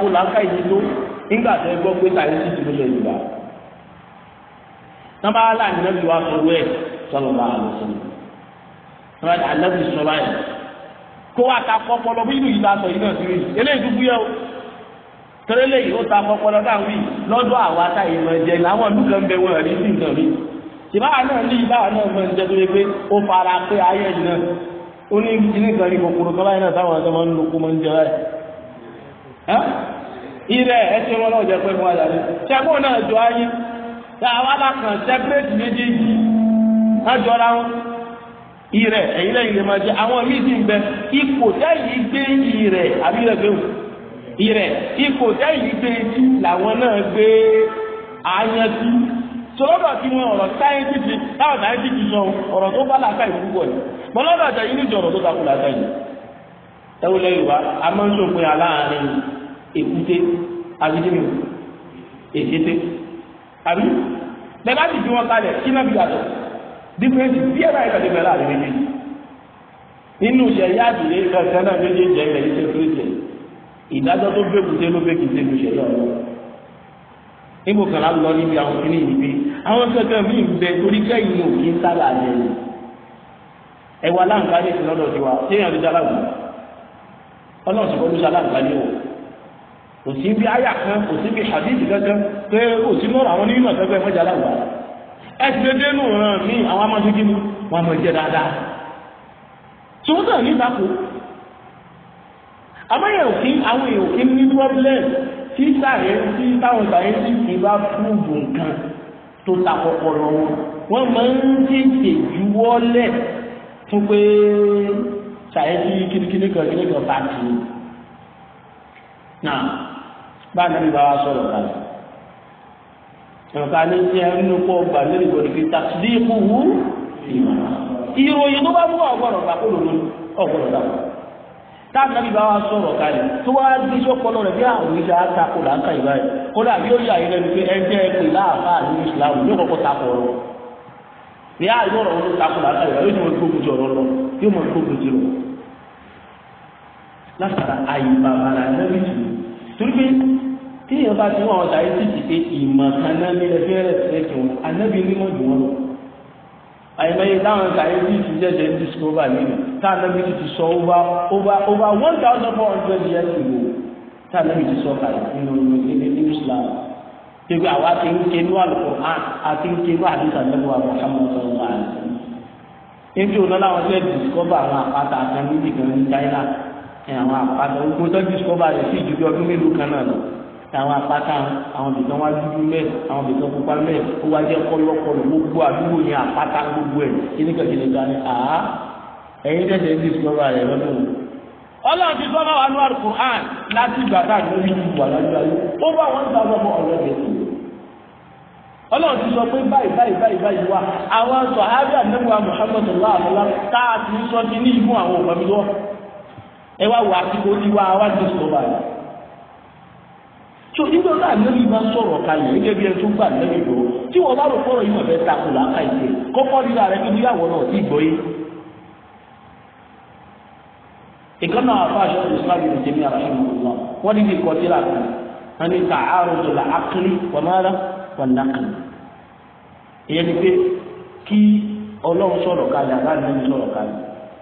kọ́mẹ́ntì wọ̀ nígbà tó ẹ gbọ́ pé tàyè sì ti lóye yorùbá nàbà aláàbí náà fi wá sọ wẹ́ẹ̀ sọlọ bá àlọ́ sọlọ nàbà aláàbí sọ báyìí kó wa ta kọ́ pọlọ bí ìlú yìí la sọ yìí náà sí eléyìí dúdú yẹ o torí eléyìí ó ta kọ́ pọlọ dáhùn yìí lọ́dọ̀ àwa táyé máa jẹ làwọn ìlú kan bẹ wọn rí sí nǹkan rí tìbáwa náà ní ìbáwa náà máa ń jẹ tó yẹ pé ó fara pé ayé yìí náà ó ní ìdílé kan ní kòkòrò kan náà táwọn ọ̀sán máa ń lo kó máa ń jẹ báyìí. irẹ ẹsẹ wọn náà jẹ pé wọn yàrá ṣẹgbọn náà jọ ayé tá a wá lákàn sẹpẹrẹtì méjèèjì ká la wọn irẹ ẹyin lẹ́yìn lè máa jẹ àwọn míì sì ń bẹ ipò gbé irẹ àbí irẹ gbéwò irẹ ipò gbé etí làwọn náà gbé ayanjú sọlọ́dọ̀ tí wọn ọ̀rọ̀ táwọn tó bá làákà ìlú yìí ọ̀rọ̀ èkúté àbídémi èkété àbí bẹ́ẹ̀ bá ti fi wọn kalẹ̀ kí náà fi yàtọ̀ dífẹ́ǹsì bí ẹ̀rọ ayé kàdébẹ̀ láàrin méjèèjì nínú sẹ̀yà àdìyẹ kankan náà méjèèjì ẹ̀rẹ̀ yìí ṣe kírísẹ̀ ìdájọ́ tó gbẹ̀kúté ló gbẹ̀kì ṣe lu sẹ̀yà ọ̀rọ̀ níbo kan á lọ níbi àwọn kìnnìún yìí bí àwọn kankan míì bẹ torí kẹ́yìn òkè sábà lẹ́nu ẹ̀wà láǹkà ní ìsìn lọ́dọ̀ tiwa ṣé èèyàn ti dá láwùjọ ọlọ́run sì kọ́ ló ṣe aláǹkà ní òkè kò sí bí àyà kan kò sí bí hadith kankan pé kò sí lọ́rọ̀ àwọn onímọ̀ sẹ́gbẹ́ mẹ́jà láwùjọ ẹ ti dédé nù ràn mí àwọn amáṣojú mi wọn mọ̀ jẹ́ dáadáa tí wọ́n náà nígbà kú àmọ́yẹ̀ òfin àwọn èèyàn òfin ní problem tí sàrẹ́ tí táwọn sàrẹ́ sì fi bá fúùbù nǹkan tó ta kọ̀kọ̀rọ̀ wọn wọ́n máa ń tètè juwọ́lẹ̀ fún pé sàrẹ́ sí kíníkíní kan kíníkan bá ti náà bá nàbí bá wa sọ̀rọ̀ kalẹ̀ nǹkan ní ti ẹni nínú kó gbà lórí ìgbòdì fi tàbí kúwú ìròyìn tó bá mú ọgbọ̀rọ̀ gbà kó lòlò ọgbọ̀rọ̀ dà tá nàbí bá wa sọ̀rọ̀ kalẹ̀ tó wá di sọ́kọlọ rẹ̀ bí àwọn ìjà àtakò là ń ka ìgbà yẹn kódà bí ó yà yẹn lẹ́nu pé ẹgbẹ́ ẹgbẹ́ láàbá ní Islam yóò kọ́kọ́ takò ọ̀rọ̀ ní àyè ọ̀rọ̀ wọn ló takò là ń ka ìgbà yóò mọ̀ gbógun jọ̀rọ̀ lọ yóò mọ̀ gbógun jọ̀rọ̀ látara àyè bàbàrà lẹ́rìí torí pé tí èèyàn bá ti wọ́n àwọn tàyé sì ti pé ìmọ̀ kan náà ní ẹgbẹ́ rẹ̀ sílẹ̀ kí wọn anábì onímọ̀ jù wọn lọ àyẹ̀mẹ́yẹ táwọn tàyé sì ti jẹ́jẹ́ ń discover nínú táwọn anábì ti sọ over over over one thousand four hundred years ago táwọn anábì ti sọ kalẹ̀ nínú nínú Islam tẹ̀wé àwa ti ń kéwú àlùkò àti ń kéwú àdìsá lẹ́wọ̀ àwọn sàmúlò wà ní. níbi òun náà làwọn fẹ́ẹ́ discover àwọn àpáta kan níbi kan ní China àwọn àpáta gbogbo tó discover rẹ̀ sí ìdúgbò ọdún mélòó kan náà lọ àwọn àpáta àwọn bìtàn wá dúdú mẹ àwọn bìtàn pupa mẹ ó wá jẹ kọlọkọlọ gbogbo àdúgbò yẹn àpáta gbogbo ẹ kíní kan kíní kan ní à ẹyin tẹsẹ discover rẹ̀ lọ́dún Ọlọ́run ti sọ báwa nínú alukur'an láti ìgbà tá a lè rí ìwà lájú ayé ó bá wọn gbà wọn bọ ọ̀rọ̀ rẹ̀ sí ọlọ́run ti sọ pé báyìí báyìí báyìí báyìí wá àwọn sọ̀hábíà nígbà Muhammadu a ti sọ ti ní ìmú àwọn ẹ wá wọ àsìkò ní wa wá ní sọ̀rọ̀ báyìí. tó nígbà náà lẹ́yìn máa sọ̀rọ̀ kalẹ̀ gẹ́gẹ́ bí ẹ tó gbà lẹ́yìn lọ tí wọ́n bá rò fọ́rọ̀ yìí mọ̀fẹ́ takò láǹkà ìṣe kọ́kọ́ nínú ààrẹ bíi níyàwó náà ti gbọ́ yé. ìkan náà afa aṣọ ìsìlámù ní tèmi àràṣọ ìmọ̀lá wọ́n ní kíkọ́ sí làkà wọ́n ní ta àrùn tó la akiri wàmárà wàndàkà ìyẹn ni pé kí ọlọ́run sọ̀rọ̀ kalẹ̀ àbá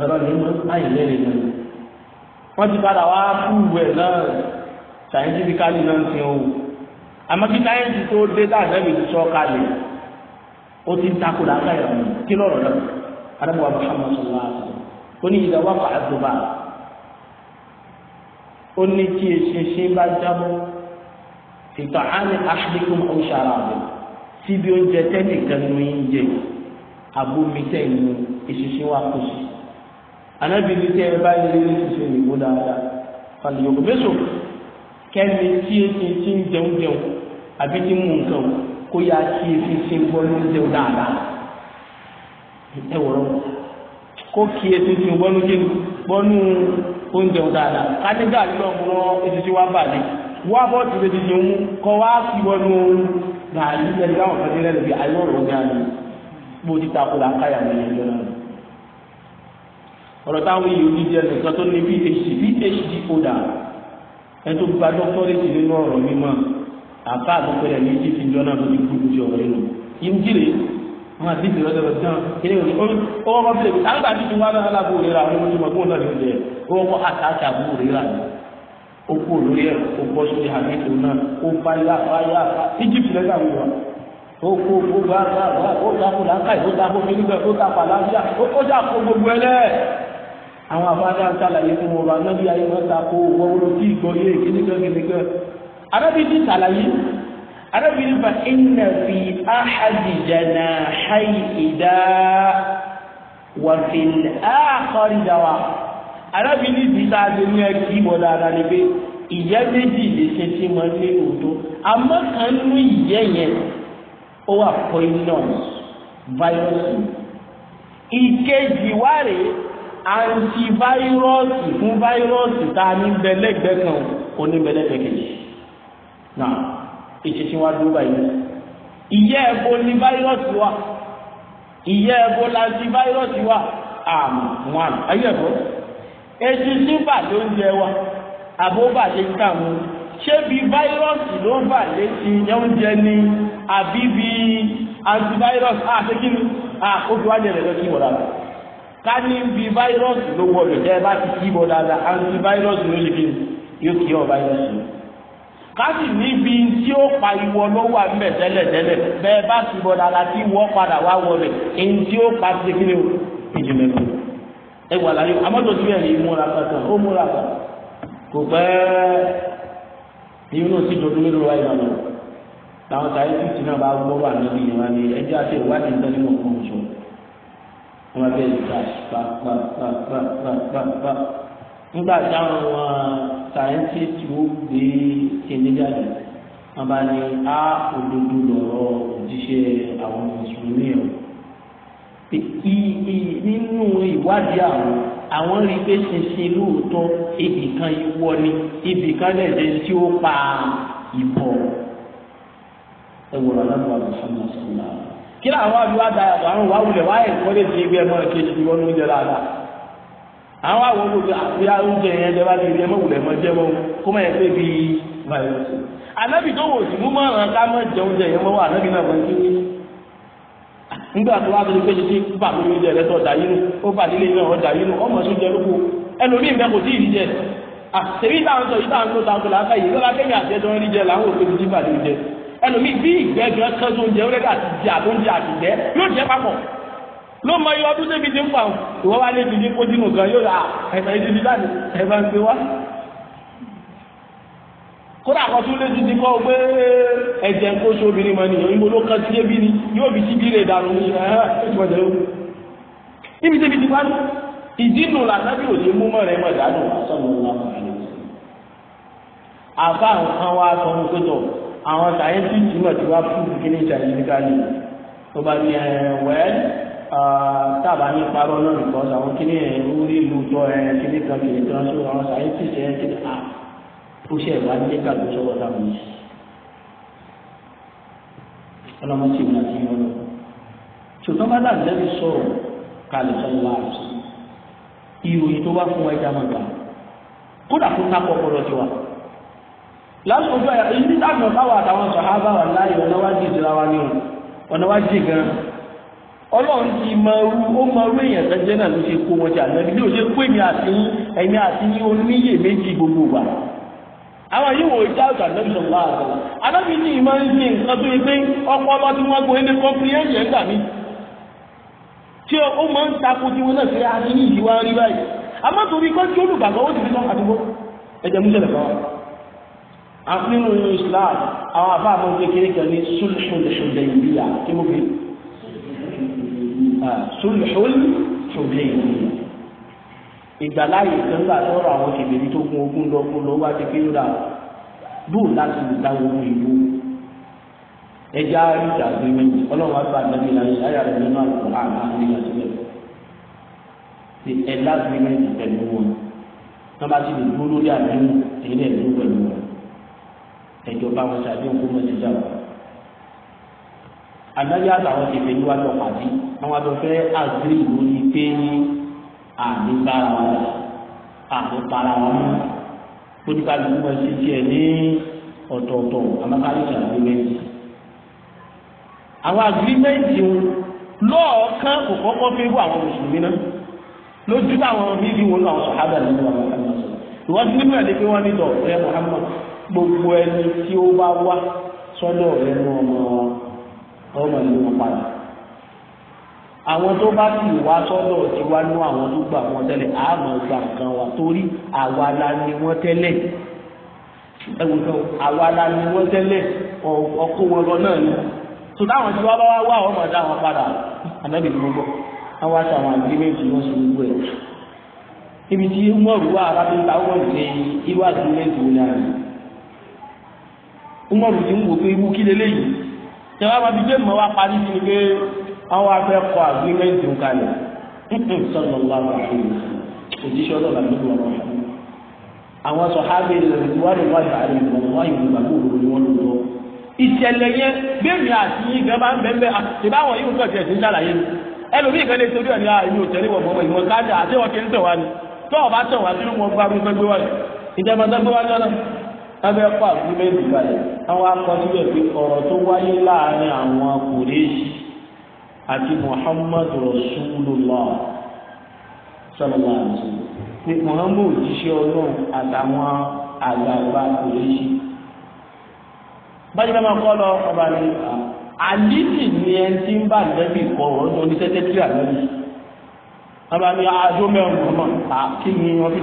ọ̀rọ̀ ni wọ́n sáyìn lẹ́rìn náà wọ́n ti padà wá fúwù ẹ̀ náà scientifically náà ti ń wò àmọ́ kí sáyẹ́ǹsì tó dé dáàbẹ̀bì sọ kalẹ̀ ó ti ń takò láàká ìrọ̀rùn kí lọ́rọ̀ náà adábọ̀wá Muhammad sallallahu alaihi wasallam ó ní ìdáwà ó ní tí eṣinṣin bá jábọ́ ìtọ̀ àmì ahadikum aw sharabi síbi oúnjẹ tẹ́nìkan ní oúnjẹ àbómi tẹ́nu eṣinṣin anabi ní tẹ́ ẹ bá yẹ lé ṣe ìwò dáadáa fani yòókù mẹ́sò kẹ́ni tí etí ti ń jẹun jẹun àbí ti ń mú nǹkan kó yá tí etí ti ń gbọ́ ló ń jẹun dáadáa ẹ wọ̀rọ̀ kó kí etí ti ń gbọ́nú jẹun gbọ́nú oúnjẹ dáadáa kánígà lílọ mú wọn etí ti wá bàjẹ́ wá bọ́ ti tètè ti mú kọ́ wá fi wọnú gàlí ẹni káwọn kan ti rẹ́ lẹ́bi ọ̀gá ni bó ti takò láǹkà yà wọ́n yẹn ọ̀rọ̀ táwọn èèyàn onídìí ẹ̀sìn kan tó ní phd phd kódà ẹni tó gba dọ́kítọ́rẹ́tì nínú ọ̀rọ̀ mímọ́ àbá àtúpẹ̀rẹ̀ ní egypt ń jọ́nà tó ti kú ju ọ̀rọ̀ nínú ìmùjìlè wọn àti ìdìrọ̀ ẹ̀rọ dán kíni ọwọ́ wọn bẹ̀rẹ̀ bíi àgbà tuntun wọn náà lábò rírà wọn ní mọ̀tò wọn náà lè jẹ wọn kọ́ àtàkà bò rírà ni ó kú olórí ẹ̀ ó bọ́ sí àgbẹ̀tò náà ó fáyà fáyà egypt lẹ́gbàá wọn oko gbogbo agba agba o dako laka o dako fili bẹ o dako alaja o dako gbogbo ẹlẹ àwọn àfáàdá ṣàlàyé fún wọn bá lọ́bí ayé wọn ta kó owó wọ́n kí ìgbọ́ yé kìnnìkan kìnnìkan arábí ti ṣàlàyé arábí ní fa inna fi ahadi janahi ida wa fil arábí ní ti ta lè ní ẹkí bọ̀ dáadáa ni pé ìyá méjì lè ṣe tí mo ní òdo àmọ́ kan nínú ìyẹ́ yẹn ó wà poisonous virus ìkejì wá rèé antivirọ́ọ̀sì fún fáírọ́ọ̀sì tá a ní bẹ̀lẹ́gbẹ́ kan kò ní bẹ̀lẹ́gbẹ́ kejì náà ìṣẹ̀ṣẹ̀ wa dúró báyìí ìyẹ́ ẹ̀bọ ni fáírọ́ọ̀sì wà ìyẹ́ ẹ̀bọ la antivirọ́ọ̀sì wà àmọ́ wọn ayé ẹ̀bọ èsì síbà ló ń jẹ wa àbóbà ṣe ń tà mú ṣé bí fáírọ́ọ̀sì ló bà létí oúnjẹ ni àbí bí antivirọ́ọ̀sì ká ní bí fáírọ́ọ̀sì ló wọlé jẹ́ bá ti kí bọ́ dáadáa àǹtí fáírọ́ọ̀sì ló lè kí yóò kí ọ fáírọ́ọ̀sì ká sì níbi tí ó pa ìwọ lọ́wọ́ àmì tẹ́lẹ̀tẹ́lẹ̀ bẹ́ẹ̀ bá ti bọ̀ dáadáa tí ìwọ padà wá wọlé èyí tí ó pa ti kí ni o ìjìnlẹ̀ lọ. ẹ wà láyé amọ́tò tí bẹ́ẹ̀ ni ìmúra kankan ó múra kan kò pẹ́ ìyúnú sí dodo lórí wa ìlànà làwọn sàyẹ́sì tí náà bá gbọ́rọ̀ àná wọn bẹ gbà pàpàpàpàpàpà nígbà táwọn wọn sáyẹ́ńtìtì ó gbé kíni jáde wọn bá ní á òdodo lọ́rọ̀ òjíṣẹ́ àwọn mùsùlùmí ọ nínú ìwádìí àwọn àwọn rí pé ṣinṣin lóòótọ́ ibì kan ìwọ ni ibì kan tí ó pa ìbọ̀ ẹ wọ̀rọ̀ alábọ̀ àbùsùn náà sọ̀rọ̀. kí na àbíwá dára tó àwọn wàwulẹ̀ wáyé wọ́n lè ti gbé ẹmọ kejì bí wọ́n ń jẹ dáadáa àwọn àwọn olùkọ́ àbíyá oúnjẹ yẹn jẹ bá ti rí ẹmọ wulẹ̀ mọ jẹ mọ kó pé bí vayosi anabi tó wò sí mú mọ́ ọ̀ràn ká mọ́ jẹ oúnjẹ yẹn anabi náà mọ́ kí nígbà tó wá tó ní pé títí bá mi oúnjẹ rẹ tó dà yín nù ó bá ẹlòmíì bí ìgbẹ́ gan kánjú oúnjẹ ó lẹ́gà àti jẹ àtúnjẹ àti jẹ yóò jẹ papọ̀ ló mọ iye ọdún débi ti ń pa ọ ìwọ wá lébi ní kódìmù gan yóò rà ẹ̀fà ìdíbi láti ẹ̀fà ń gbé wá kódà àkọsí ó lé ti ti kọ́ pé ẹ̀jẹ̀ ń kó sí obìnrin mọ́ nìyẹn ìbò ló kán sí débi ni yóò fi síbi rè dànù ní ẹ̀hán ìdínú làtàbí òní mú mọ́rẹ̀ mọ́ ìdánù àsọ̀rọ̀ ọ̀la àfa nǹkan wa sọ fún pé tọ̀ àwọn scientists náà ti wá fún kíní scientifically tó bá ní ẹ wẹ́ẹ́ tábà ní parọ́ náà nìkan àwọn kíní ẹ̀ eh, ń rí ìlú tọ́ ẹ eh, kíní kan kìí tán sí àwọn scientists ẹ eh, kíní à ah, ó ṣe ìwà ní nígbà tó sọ́wọ́ láwọn yìí ọlọ́mọ sì wọ́n ti yọ lọ ṣùgbọ́n bá dàbí lẹ́bi sọ̀rọ̀ kalẹ̀ sọ́wọ́ láàrú sí ìròyìn tó wá fún ẹja mọ̀gbà kódà kó ná kọ́kọ́rọ́ lásìkò ẹ̀ ibi táàmù táwà àtàwọn sọ̀hábà wà láàyè ọ̀nà wá jì ìdíra wa ní ọ̀nà ọ̀nà wá jì gan ọlọ́run ti ma ó ma èèyàn tó jẹ́ náà ló ṣe kó wọn jà lẹ́nu bí ó ṣe kó èmi àti yín ẹ̀mí àti gbogbo wa àwọn yìí wò já ọ̀tà lẹ́nu sọ̀rọ̀ àgbà adájọ́ ní ìmọ̀ nǹkan tó yẹ pé ọkọ̀ tí wọ́n mi tí ó ń takò àfihàn nínú Islam àwọn àbá àwọn kékeré kan ní sulhul Hudaybiyah kí mo fi ah, sulhul Hudaybiyah ìgbàláyè kan gbà sọ̀rọ̀ àwọn kèbèrè tó gun ogún lọ́gbọ́n lọ́wọ́ àti kí ló dà dùn láti dá ogun ìbò ẹja ìjà agbẹ́mẹ́ntì ọlọ́run àgbà àgbẹ̀mí ẹjọ bá wọn ṣàbí òkú mọ jíjà wọn. àdájọ́ àtàwọn ti fẹ́ẹ́ níwájú pàdé àwọn àjọ fẹ́ àgírí ìlú ni pé ní àní bára wọn là àní para wọn mọ́ kódìkà ló ń wọ sí tiẹ̀ ní ọ̀tọ̀ọ̀tọ̀ àmàkárí ṣàbí méjì. àwọn àgírímẹ́ǹtì lọ́ọ̀kan kò kọ́kọ́ fẹ́ wọ àwọn mùsùlùmí náà lójú táwọn bíbí wọn lọ àwọn sàhábà nínú àwọn kan náà sọ ìwádìí nínú ẹ̀ lé gbogbo ẹni tí ó bá wá sọ́dọ̀ ẹnu ọmọ ọmọ ìlú wọn padà àwọn tó bá sì wá sọ́dọ̀ tí wá nú àwọn tó gbà wọn tẹ́lẹ̀ àmọ́ gbà kan wà torí àwa la ni wọ́n tẹ́lẹ̀ ẹwù kan àwa la ni wọ́n tẹ́lẹ̀ ọkọ wọn lọ náà ni tó táwọn tí wọ́n bá wá wá ọmọ dá wọn padà ànábì ni gbogbo àwọn aṣọ àwọn àgbélẹ̀jì wọn sì gbogbo ẹ̀ ibi tí wọ́n arábìnrin táwọn ní irú àgbélẹ̀jì wọn náà Umaru ti ń wò pé irú kí leléyìí ṣe wá máa fi gbé mọ́ wá parí sí ni pé àwọn afẹ́ kọ àgbémẹ́ǹtì ń kalẹ̀ sọ̀rọ̀ lọ́wọ́ àti òjíṣẹ́ ọlọ́run àti ìlú ọ̀rọ̀ àwọn sọ̀hábẹ́ ìlànà ìwádìí wáyé àrẹ ìwọ̀n wáyé ìgbàgbọ́ òru ni wọ́n lò lọ. ìṣẹ̀lẹ̀ yẹn bẹ́ẹ̀ni àti yín gan bá ń bẹ́ẹ̀ bẹ́ẹ̀ àtìbá ah, àwọn yóò kàn tiẹ̀ sí ṣàlàyé ni ẹlòmíì kan lè torí ẹ̀ ní àyè ah, òtẹ́lẹ̀ wọ̀ mọ́ ìwọ̀n káàdì àti ọ̀kẹ́ ń tẹ̀ wá ni tọ́ọ̀ bá tẹ̀ wá sínú wọn gbá gbé wá ni ìjọba tó gbé wá ni ọ̀nà lábẹ́ kọ́ àgbélébù balẹ̀ àwọn akọsílẹ̀ pé ọ̀rọ̀ tó wáyé láàrin àwọn kùrẹ́ṣì àti muhammad rasulullah sallallahu alaihi wasallam pé muhammad òjíṣẹ́ ọlọ́run àtàwọn àgbààgbà kùrẹ́ṣì. bájúmọ́ máa kọ́ lọ ọba ní àlìsì ni ẹ ti ń bá nẹ́bí kọ̀ọ̀rọ̀ ní oníṣẹ́tẹ́tì àlẹ́bí. ọba ní àjọ mẹ́rin mọ́mọ́ kí ni wọ́n fi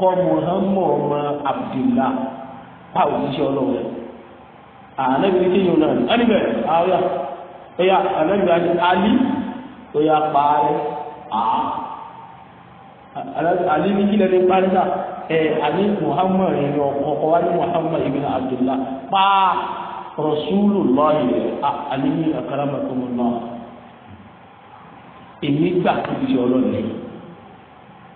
kọ́ muhammed ọmọ abdullah báwo ti ṣe ọlọ́wọ́ ànábi ní kéèyàn náà ẹnibẹ̀ ààyà ẹ̀yà ànábi àti ali ẹ̀yà pààrẹ̀ àá ali ní kílẹ̀ ní parí náà ẹ̀ àní muhammed ẹ̀yìn ọkọ̀ wa ní muhammed ibn abdullah pàà rasulullah ali ní akaramakumullah èmi gbà kí n ṣe ọlọ́ọ̀lẹ́yìn.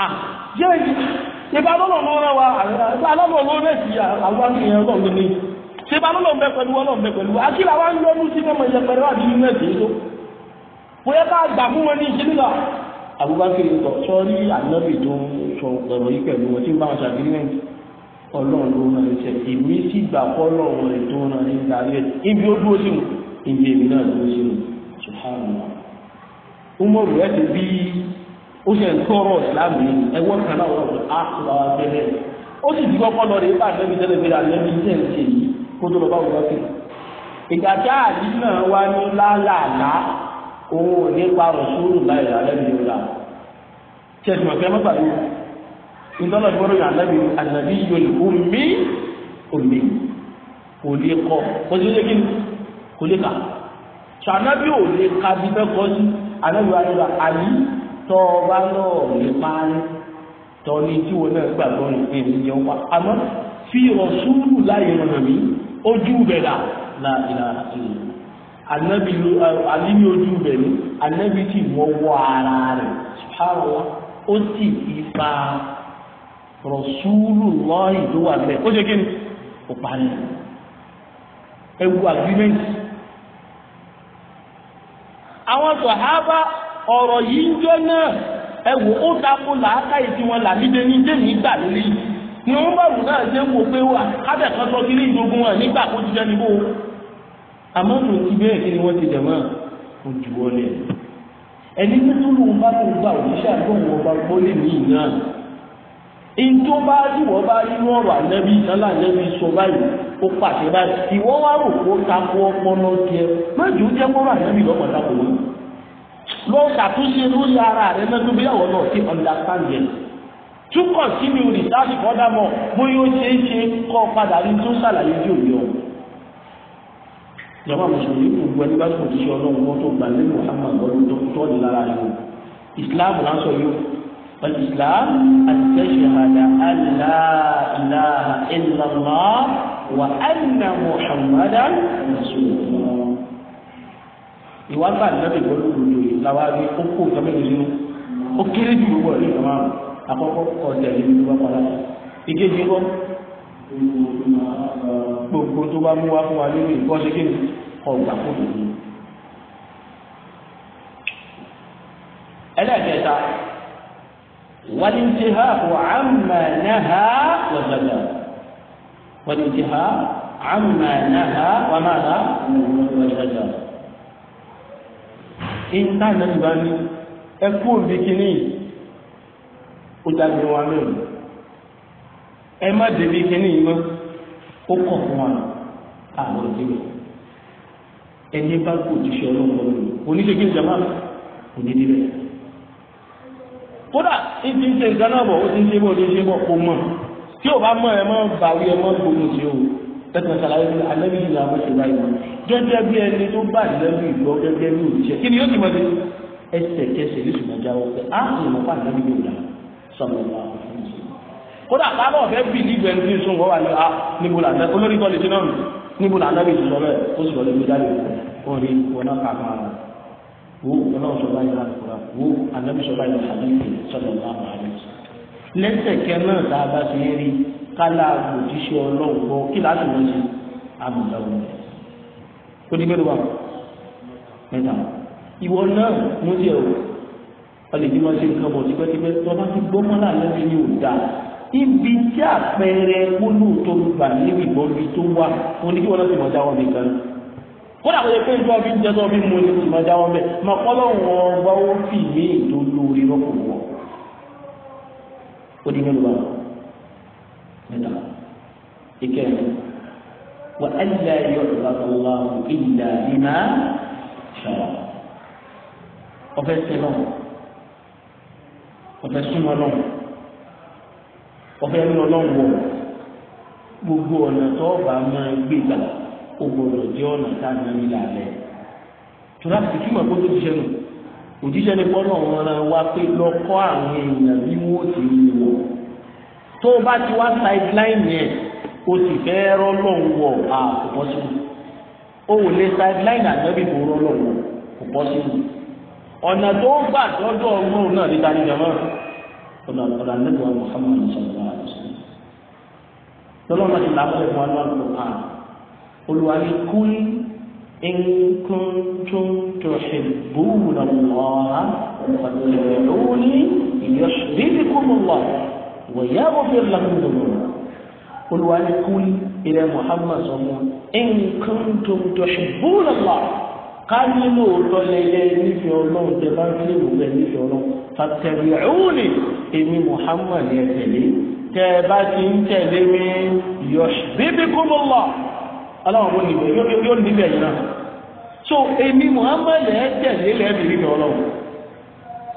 Ah, yé ìbá lọ́lọ́ lọ́ rẹ̀ wa ìbá lọ́lọ́ lọ́ rẹ̀ sí àwọn ènìyàn lọ́wọ́ ní ìbá lọ́lọ́ ń bẹ pẹ̀lú ọlọ́run bẹ pẹ̀lú akíla wa ń yọnu sí mẹ́mọ̀ ìyẹn pẹ̀lú àbí inú ẹ̀sìn tó bóyá ká gbà fún wọn ní ìṣẹ́lẹ̀ náà àbúgbàkiri tọ̀ sọ́ọ́rí ànábì tó sọ ọ̀rọ̀ yìí pẹ̀lú wọn tí ń bá wọn ṣàgírímẹ́ǹtì ọlọ́run ló rán ẹsẹ̀ èmi sì gbà fọ́lọ́run rẹ̀ tó rán ní ó ṣe ń tọrọ ìsìlámù yìí ẹwọ́ kan náà wọ́n fi àkùrọ̀ abẹ́rẹ́ ó sì dìgbọ́ kọ́ lọ rè bá àtẹ́bí tẹ́lẹ̀ pé àtẹ́bí tẹ̀ ń ṣe yìí kó tó lọ bá wọ́n fi. ìgbà tá àdí náà wá ní lálàlá òun ò ní pa rọ̀ṣúrù láì àtẹ́bí yóò dà ṣèṣì mọ̀ fẹ́ mọ́tàlú ìtọ́lọ̀ ìfọ́rọ̀ yà àtẹ́bí àtẹ́bí yòlùkú mí òmí kò lè kọ́ kó sì lè kí kò lè kà ṣàtẹ́bí ò tọ́ ọ bá lọ́ọ̀ ní parí tọ́ ní tí wọn náà gbàgbọ́ ní pé ní jẹun pa àmọ́ fi ọ̀ṣúrù láyé ràn mí ojú bẹ̀ là là ìlà ìlú anabi lo alimi ojú bẹ̀ ni anabi ti wọ́n wọ́ ara rẹ̀ subhanallah ó sì fi fa rọ̀ṣúrù lọ́ọ̀yì tó wà bẹ́ẹ̀ ó ṣe kí ni ó parí ẹ agreement àwọn sọ̀hábà. ọ̀rọ̀ yìí ń jọ náà ẹ wò ó takò làákà ìdí wọn làmídé ní jẹ́mi gbà lórí ni wọ́n bá wù náà ṣe ń wò pé wà kábẹ̀kan sọ kí ní ìdógún wọn nígbà ti bó bẹ́ẹ̀ kí ni wọ́n ti jẹ̀ mọ́ kó jù wọlé ẹni tí tó lóun bá lóun ọba gbọ́lé mi náà tó bá rí wọ́n bá rí sọ báyìí ó pàṣẹ báyìí ìwọ́n wá rò kó takò ọpọlọ jẹ jẹ́ lọ́pọ̀ takò lọ ṣàtúnṣe lórí ara rẹ lọ́dún bí àwọn náà ti understand yẹn tún kàn sí mi ò lè dáàbò kọ́dà mọ̀ bóyá ó ṣeé ṣe kọ́ padà rí tó ṣàlàyé bí òye ọ̀hún jama musulmi gbogbo ẹni bá tó ti ṣe ọlọ́run wọn tó gbà ní muhammad lọ́dún tó tọ́ ní lára yìí islam náà sọ yìí wọn islam àtẹ̀síhàdà aláàlá ìlànà wà ánà muhammadan rasulullah ìwà bá nàbẹ̀ gbọ́dọ̀ lórí làwọn àbí ó kó nǹkan mélòó sínú ó kéré jù lówó ẹ̀rí nǹkan márùn àkọ́kọ́ ọ̀tẹ̀ ní ìlú bàbá rẹ̀ ìkejì kọ́ gbogbo tó bá mú wá fún wa nínú ìkọ́ṣe kí ni ọgbà kò lè ní. ẹlẹ́ẹ̀kẹta wọ́n ti ti ha kò àmà náà ha wọ́n gbàgbà ti ha àmà náà ha wọ́n máa ha wọ́n ìtànà ìgbà ní ẹkú òbí kìíní ó jáde wa lónìí ẹ má débi kìíní mọ́ ó kọ̀ fún wa àwọn òdìwé ẹni bá kò jíṣẹ́ ọlọ́run lónìí oníṣègbè ìjàmbá onídìbẹ̀ kódà ìdí ń ṣe nǹkan náà bọ̀ ó ti ń ṣe bọ̀ ó ṣe bọ̀ kó mọ̀ tí ò bá mọ̀ ẹ mọ̀ bàwí ẹ mọ̀ gbógun sí o ẹ tẹ̀sán àlàyé alẹ́ gẹ́gẹ́ bí ẹni tó bá ìlẹ́bí ìgbọ́ gẹ́gẹ́ bí òjíṣẹ́ kí ni yóò ti wọlé ẹsẹ̀kẹsẹ̀ ní ṣùgbọ́n jáwọ́ pé á sì mọ̀ pa ìlẹ́bí yóò dà sọ̀rọ̀ wà kódà bábọ̀ fẹ́ bì ní ìgbẹ́ ní sùn wọ́n wà ní a níbo làná olórí kan lè ṣe náà níbo làná lè sọ bẹ́ẹ̀ ó sì wọlé gbéjà lè wọ́n rí wọn náà kà máa wo ọlọ́run sọ báyìí láti kura wo ànábì sọ báyìí láti sọ̀rọ̀ wà máa rí lẹ́sẹ̀kẹ́ náà tá a bá ti rí kálá òjíṣẹ́ ọlọ́run tó ní mélòó wà mẹ́ta ìwọ náà mú tiẹ̀ o ọlẹ́bí máa ṣe nǹkan bọ̀ tipẹ́tipẹ́ tó bá ti gbọ́ mọ́lá lẹ́nu ní òdà ibi tí àpẹẹrẹ wúlò tó gbà níbi ìbọ̀lù tó wà wọn ni kí wọn náà fi mọ̀ dáwọ́ mi kan kódà kò yẹ pé ìjọba fi ń jẹ́ tó fi mú ní ìmọ̀ dáwọ́ bẹ́ẹ̀ mà kọ́lọ́ wọn bá ó fì mí tó lórí rọ́pò wọ̀ ó di mélòó wà mẹ́ta ìkẹyìn. وألا يعبد الله إلا بما شرع ọfẹ sẹlọ ọfẹ súnmọ́ lọ ọfẹ lọ lọwọ gbogbo ọ̀nà tó ọba máa gbé gbà ó gbọ́dọ̀ jẹ́ ọ̀nà tá a nà ní lálẹ́ tura sì túmọ̀ kó tó ṣiṣẹ́ nù òjíṣẹ́ ní pọ́nà ọ̀rọ̀ wa pé lọ àwọn èèyàn bí wọ́n ti rí wọn tó o bá ti wá sideline yẹn o sì fẹ́ rọ́lọ́hún wọ̀ à kò bọ́ sínú o ò lè sideline ànábì kò rọ́lọ́hún wọ̀ kò bọ́ sínú ọ̀nà tó ń gbà tọ́jú ọgbọ́n náà níta ní jọmọ́ ọ̀nà ọ̀nà nígbà Muhammad sallallahu alaihi wasallam tọ́lọ́mọ ti làbọ̀ ẹ̀fọ́ aláàbò hàn olùwàlí kún in kuntum tuhibbuna Allah fàtẹ̀lẹ̀ lónìí yuhbibkumullah wa yaghfir lakum dhunubakum olùwárí kúl ilẹ̀ muhammad sọmọ in kuntum tuhibbuna Allah ká nílò òótọ́ lẹ́yẹ nífẹ̀ẹ́ ọlọ́run tẹ bá ń fi ìwúgbẹ nífẹ̀ẹ́ ọlọ́run fattabi'uni èmi muhammad yẹ tẹ̀lé tẹ bá ti ń tẹ̀lé mi yuhbibkum Allah aláwọ̀ bó níbẹ̀ yóò níbẹ̀ yìí náà so èmi muhammad yẹ tẹ̀lé lẹ́ẹ̀mí nífẹ̀ẹ́ ọlọ́run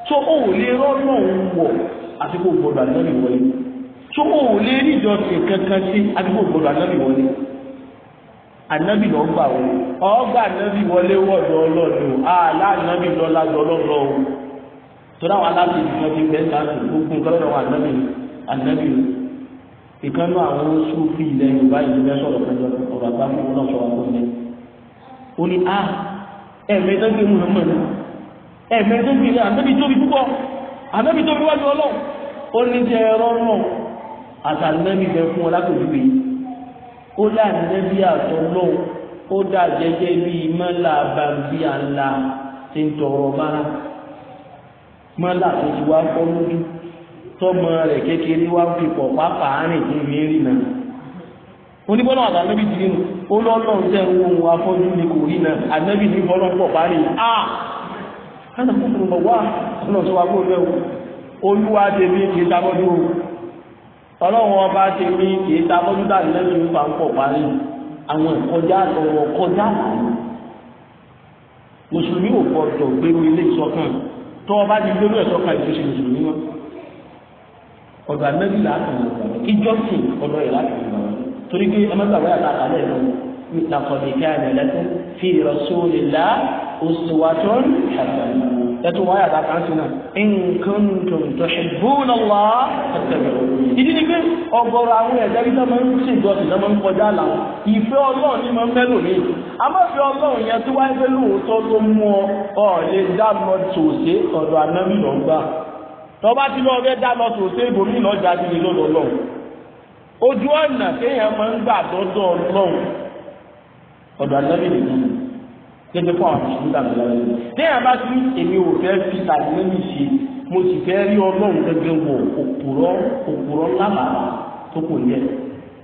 so ó lè rọ́ọ̀nù wọ̀ àti kó gbọdọ̀ tó o lè rí ìjọsìn kankan sí àdúgbò gbọ́dọ̀ anábì wọlé anábì lọ gbà wọlé ọgbà anábì wọlé wọdọ ọlọdọ àlá anábì lọlá lọlọdọ o tọ́lá wọn aláṣẹ ìjọ ti bẹ́ẹ̀ ká sí gbogbo nǹkan lọ́dọ̀ wọn anábì anábì o ìkànnú àwọn sófin ilẹ̀ yorùbá ìjọba sọ̀rọ̀ kájọ ọ̀rọ̀ àgbáfọ̀ náà sọ̀rọ̀ àkọsílẹ̀ ó ní a ah, ẹ̀mẹ́ tó gbé muhammed ẹ̀mẹ́ tó gbé ilẹ̀ anábì tóbi púpọ̀ anábì tóbi wájú ọlọ́run ó ní jẹ́ ẹ̀rọ náà àtàlẹ́bí bẹ fún ọ lápèjúwe ó dà nẹ́bí àtọ́lọ́ ó dà jẹ́jẹ́ bíi mọ́là bàbí àlà ti ń tọrọ bára mọ́là tó ti wá fọ́ lójú tọ́mọ rẹ̀ kékeré wá fi pọ̀ pápá rìn fún mi rìn náà oníbọ́lọ́ àtàlẹ́bí ti rìn ó lọ́lọ́ ń tẹ́ ohun afọ́jú ni kò rí náà àtàlẹ́bí ti bọ́lọ́ pọ̀ parí a kánà fún un wá ọlọ́sọ wa kó lẹ́wọ̀ olúwa tẹ̀lé kí n dábọ́ tọ́lọ́wọ́ ọba ṣe rí kì í ta bọ́dúdà lẹ́yìn nípa ń pọ̀ parí àwọn ìkọjá àtọwọ́ kọjá àlàyé mùsùlùmí ò gbọdọ̀ gbérú ilé ìsọkàn tó ọba ti gbérú ẹ̀sọ́kàn ìtúnṣe mùsùlùmí wọn ọ̀dọ̀ àmẹ́bí làákàn ìjọsìn ọ̀dọ̀ ẹ̀ làákàn torí pé ọmọgbàgbé àtàkàlẹ̀ lọ laqad kana lakum fi rasulillah uswatun hasanah ẹtù wáyà tá a kàn sí náà nǹkan tòǹtò ṣùgbọ́n lọ́wọ́ ẹ̀tẹ̀bẹ̀. ìdí ni pé ọ̀gọ̀rọ̀ àwọn ẹ̀dá bí sọ́mọ ń sì jọ sí sọ́mọ ń kọjá là wọn ìfẹ́ ọlọ́run ni mo ń fẹ́ lòmí. amáfẹ́ ọlọ́run yẹn tí wáyé pé lóòótọ́ ló mú ọ ọ lè dá lọ tòṣe ọ̀dọ̀ anábì lọ gbà. tọ́ba ti lọ fẹ́ dá lọ tòṣe ibòmí lọ jáde ní lọ́lọ́lọ́ ojú gẹ́gẹ́ fún àwọn ìṣúná mi lẹ́yìn lẹ́yìn bá ti èmi ò fẹ́ fi tàbí mi ṣe mo sì fẹ́ rí ọlọ́run gẹ́gẹ́ wọ òpùrọ́ òpùrọ́ lábàá tó kò yẹ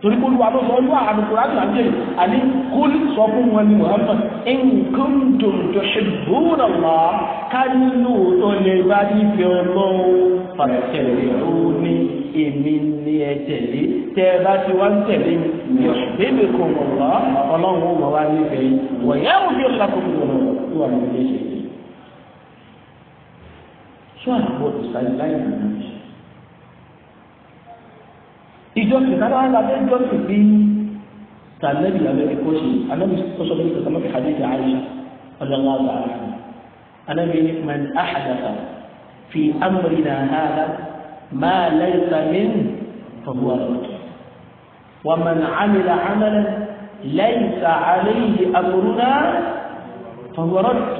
torí kó lu àlọ́ sọ lu àlùkùrọ̀ àti àti èyí àní kó sọ fún wọn ni Muhammad nǹkan dòdò ṣe gbóòrò wá ká ní lóòótọ́ ni bá ọlọ́run pàṣẹ rẹ̀ ní. èmi ni ẹ tẹ̀lé tẹ́ ẹ bá ti wá ń tẹ̀lé mi bébè kò mọ̀ wá ọlọ́run ó mọ̀ wá nífẹ̀ẹ́ yìí wọ̀nyẹ́ wò bí ọ̀la kò mọ̀ wọ́n tó wà ní ilé ṣe yìí. sọ àbọ̀ tó sáyé láyé nínú yìí. ìjọsìn kára wà lábẹ́ ìjọsìn bí tàlẹ́bì lábẹ́ ẹ̀kọ́ ṣe anábì sọ́sọ́ bí kò sọ́mọ́ fi hadith Aisha ọ̀dọ́lá ọ̀dọ́ anábì man ahdatha fi amrina hada ما ليس منه فهو رد ومن عمل عملا ليس عليه أمرنا فهو رد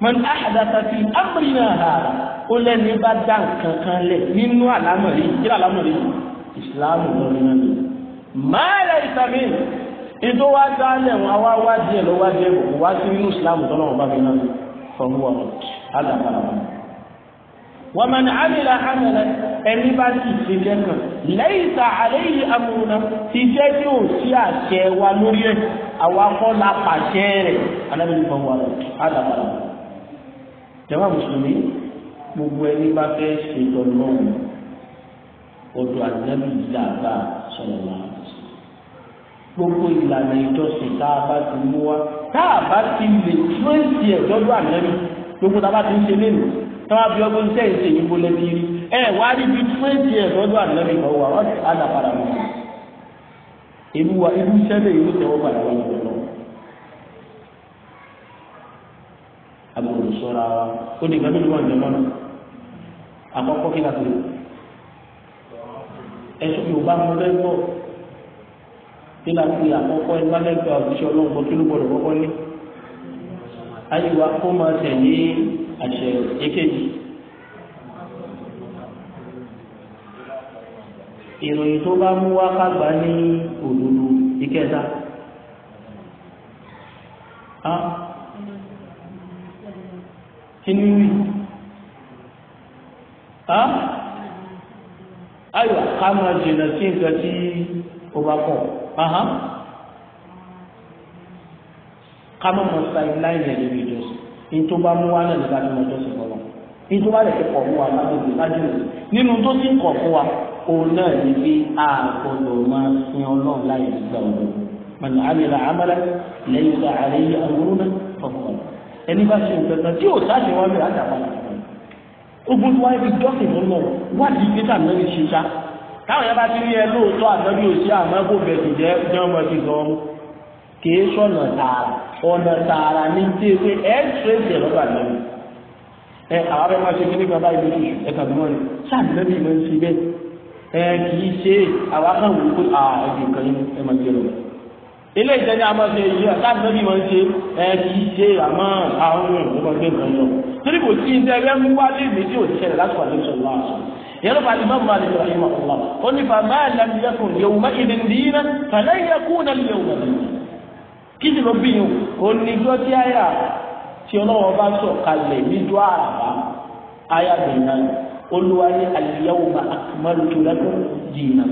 من أحدث في أمرنا هذا قل لن يبدأ كان لك من على أمري إلى الأمر إسلام ما ليس منه ìtò wá dálẹ̀ wọn wá wá díẹ̀ ló wá díẹ̀ kò wá sí nínú ìsìlámù tọ́lọ́wọ́n bá fi náà fọwọ́ àdàpàdàpà wọ́n mọ̀ ní amílà amílà ẹni bá ti ṣiṣẹ́ náà lẹ́yìn tá àléyìn amúnà iṣẹ́ tí ò sí àṣẹ wa lórí ẹ̀ àwa kọ́ la pàṣẹ rẹ̀ alábẹ́lẹ́ fún wa àdàbàdà. jàmá mùsùlùmí gbogbo ẹni bá fẹ́ ṣe tọ́lọ́mù ọ̀dọ̀ àdínábì ìlà àgbà sọ̀rọ̀ wa. gbogbo ìlànà ìjọsìn tá a bá ti mú wa tá a bá ti lè tún èsì ẹ̀ lọ́dọ̀ àdínábì gbogbo tá a bá ti ń ṣe lẹ́nu tọ́wọ́ bí ọgbọ́n ní sẹ́yìn sèyí bó lẹ́bi rí ẹ wá rí bí twenty years lọ́dọ̀ àdìlẹ́bí kan wà wọ́n ti àdà padà mọ́ ìlú wa ìlú sẹ́lẹ̀ ìlú tẹ̀wọ́ padà wọ́n lọ́wọ́ lọ́wọ́ agbọ̀dọ̀ sọ́ra wa ó di ìgbà mélòó wà ní ọmọ náà àkọ́kọ́ kí lásìkò ẹ̀sùn yorùbá mo fẹ́ gbọ́ kí lásìkò àkọ́kọ́ ẹ̀ bá lẹ́gbẹ̀ẹ́ òṣìṣẹ́ ọlọ́run kí ló gbọ́dọ̀ kọ́kọ́ ní ayé wa kó máa tẹ̀lé àṣẹrò èkejì. ìròyìn tó bá mú wá kágbá ní òdodo ìkẹta. kí ni wí? ayọ̀ ká máa jìnnà sí nǹkan tí ó bá pọ̀ ká má mọ̀ sáyé láì lẹ́nu ìjọsìn ní tó bá mú wá náà nígbà tí mo tó sì bọ́lọ̀ ní tó bá lè fi kọ̀ fún wa lágbègbè lájúlò nínú tó sì kọ̀ fún wa òun náà ní bí a gbọdọ̀ máa sin ọlọ́run láì nígbà ọ̀dọ̀ mọ̀nà àmìlà àmàlà lẹ́yìn tó àlẹ́ yìí àwòrán náà fọ̀fọ̀ ẹni bá ṣe nǹkan kan tí ò sáàṣì wọn bẹ̀rẹ̀ àtàkùn ogun tó wáyé fi jọ́sìn fún lọ wádìí pé tàbí lórí ṣiṣá táwọn yẹn bá ti rí ẹ lóòótọ́ àtọ́jú òṣì kìí sọ̀nà tààrà ọ̀nà tààrà ní tí pé ẹ̀ tírèsì lọ́dọ̀ àgbẹ̀mí ẹ àwọn abẹ́ máa ṣe kí nípa báyìí lóṣù ẹ̀ka bí wọ́n rí sáàmì lẹ́bí máa ń ṣe bẹ́ẹ̀ ẹ kìí ṣe àwọn akáwọn òkú ààrẹ kan yín ẹ máa jẹ lọ. ilé ìtẹ́ni a máa ṣe yìí sáàmì lẹ́bí máa ń ṣe ẹ kìí ṣe àmọ́ àwọn ọmọdé kan yọ. torí kò sí ilé ẹgbẹ́ mú wálé ó ní bàbá àlàyé kùn yòówù má ìdìndínà fàlẹ́ yẹ kùn náà yòówù má kí sì ló bí yín o oníjọ́ tí àyà tí ọlọ́wọ́ bá sọ̀ kalẹ̀ níjọ́ àràbá àyà bẹ̀rẹ̀ náà olùwárí àlìyáwó ma àkùmọ́lù tó lẹ́kọ̀ọ́ dìínà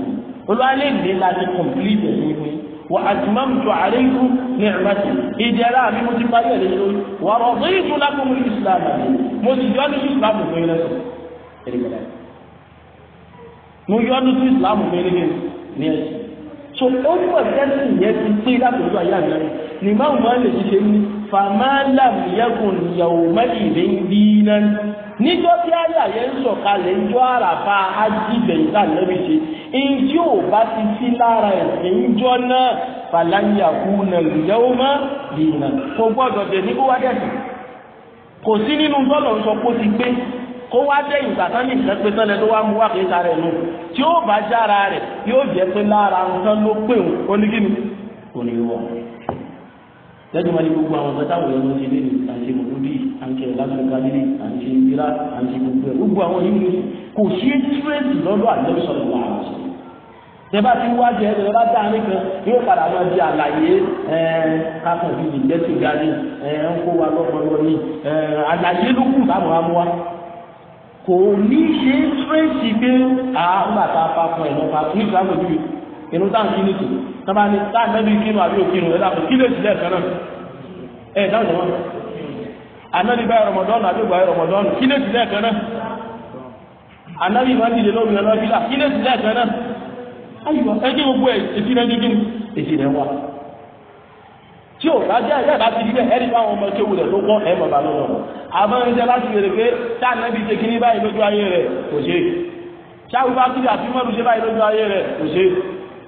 olùwárí lè láti kọ̀m̀pìlìtì ẹ̀mí fún wà àtìmọ́mùtò àríkú ní ìrìnàjò ìdíyàrá mi mo ti parí ẹ̀rẹ́ yìí lórí wà rọ̀bí ìfúnlákùn mi islam àti mo sì yọ ní islam fún yín lẹ́sọ̀ mo yọ ní islam fún yín ní ẹ̀sìn so ó mọ̀ tẹ́sí yẹn ti pé láti ọjọ́ ayé ni máa ń máa lè ṣiṣẹ́ ní fàmálà mìíràn ìyàwó mẹ́lì rẹ̀ ń bí iná níjọ́ tí àyà yẹn ń sọ̀kalẹ̀ ìjọ àràbà ajíbẹ̀yìn tá lẹ́bi ṣe ìjọ ò bá ti sí lára ẹ̀sìn ìjọ náà fàlàyà kú nà ìyàwó mọ́ bí kò gbọ́dọ̀ dẹ̀ ní kó wá dẹ̀ kò sí nínú tọ́lọ̀ sọ pé ó ti pé kó wá dé ìgbà tán ní ìfẹ́pẹ́ tán lẹ tó wá mú wá kí sára ẹ̀ lò tí ó bá jára rẹ̀ yóò jẹ́ pé lára nǹkan ló pè ń oníkíni kò ní wọ̀. lẹ́jọ́ máa ní gbogbo àwọn ọ̀gá táwọn èèyàn ló ṣe lé ní àṣẹ mòlúdì àṣẹ lásìkò lílé àṣẹ ìdíra àṣẹ gbogbo ẹ̀ gbogbo àwọn yìí ni kò sí tírèsì lọ́dọ̀ àjọṣọ̀rọ̀ wà á sọ kò ní ṣe tírèsì pé àgbàtà apapọ̀ ẹ̀nà papọ̀ ní ìgbà pẹ̀lú inú táǹkì ní tòun tọ́ba ní táǹkì kínú àbí òkínú ẹ̀dá kò kílè sílẹ̀ kan ẹ̀ dáhùn wọn anábì báyìí rọmọdọ́nù àbí ìgbà rọmọdọ́nù kílè sílẹ̀ kan anábì máa dìde lórí ẹ̀rọ kílè sílẹ̀ kan náà ayọ̀ ẹgbẹ́ gbogbo ẹ̀ tí o bá jẹ ẹgbẹ́ bá ti di bẹ́ẹ̀ ẹni báwọn ọmọ kéwù rẹ̀ ló kọ́ ẹ̀ bàbá lọ́wọ́ àmọ́ ẹni tẹ́ bá ti rẹ̀ pé táànàbí ṣe kíní báyìí lójú ayé rẹ̀ kò ṣe ṣáwù bá kíni àti mọ́rù ṣe báyìí lójú ayé rẹ̀ kò ṣe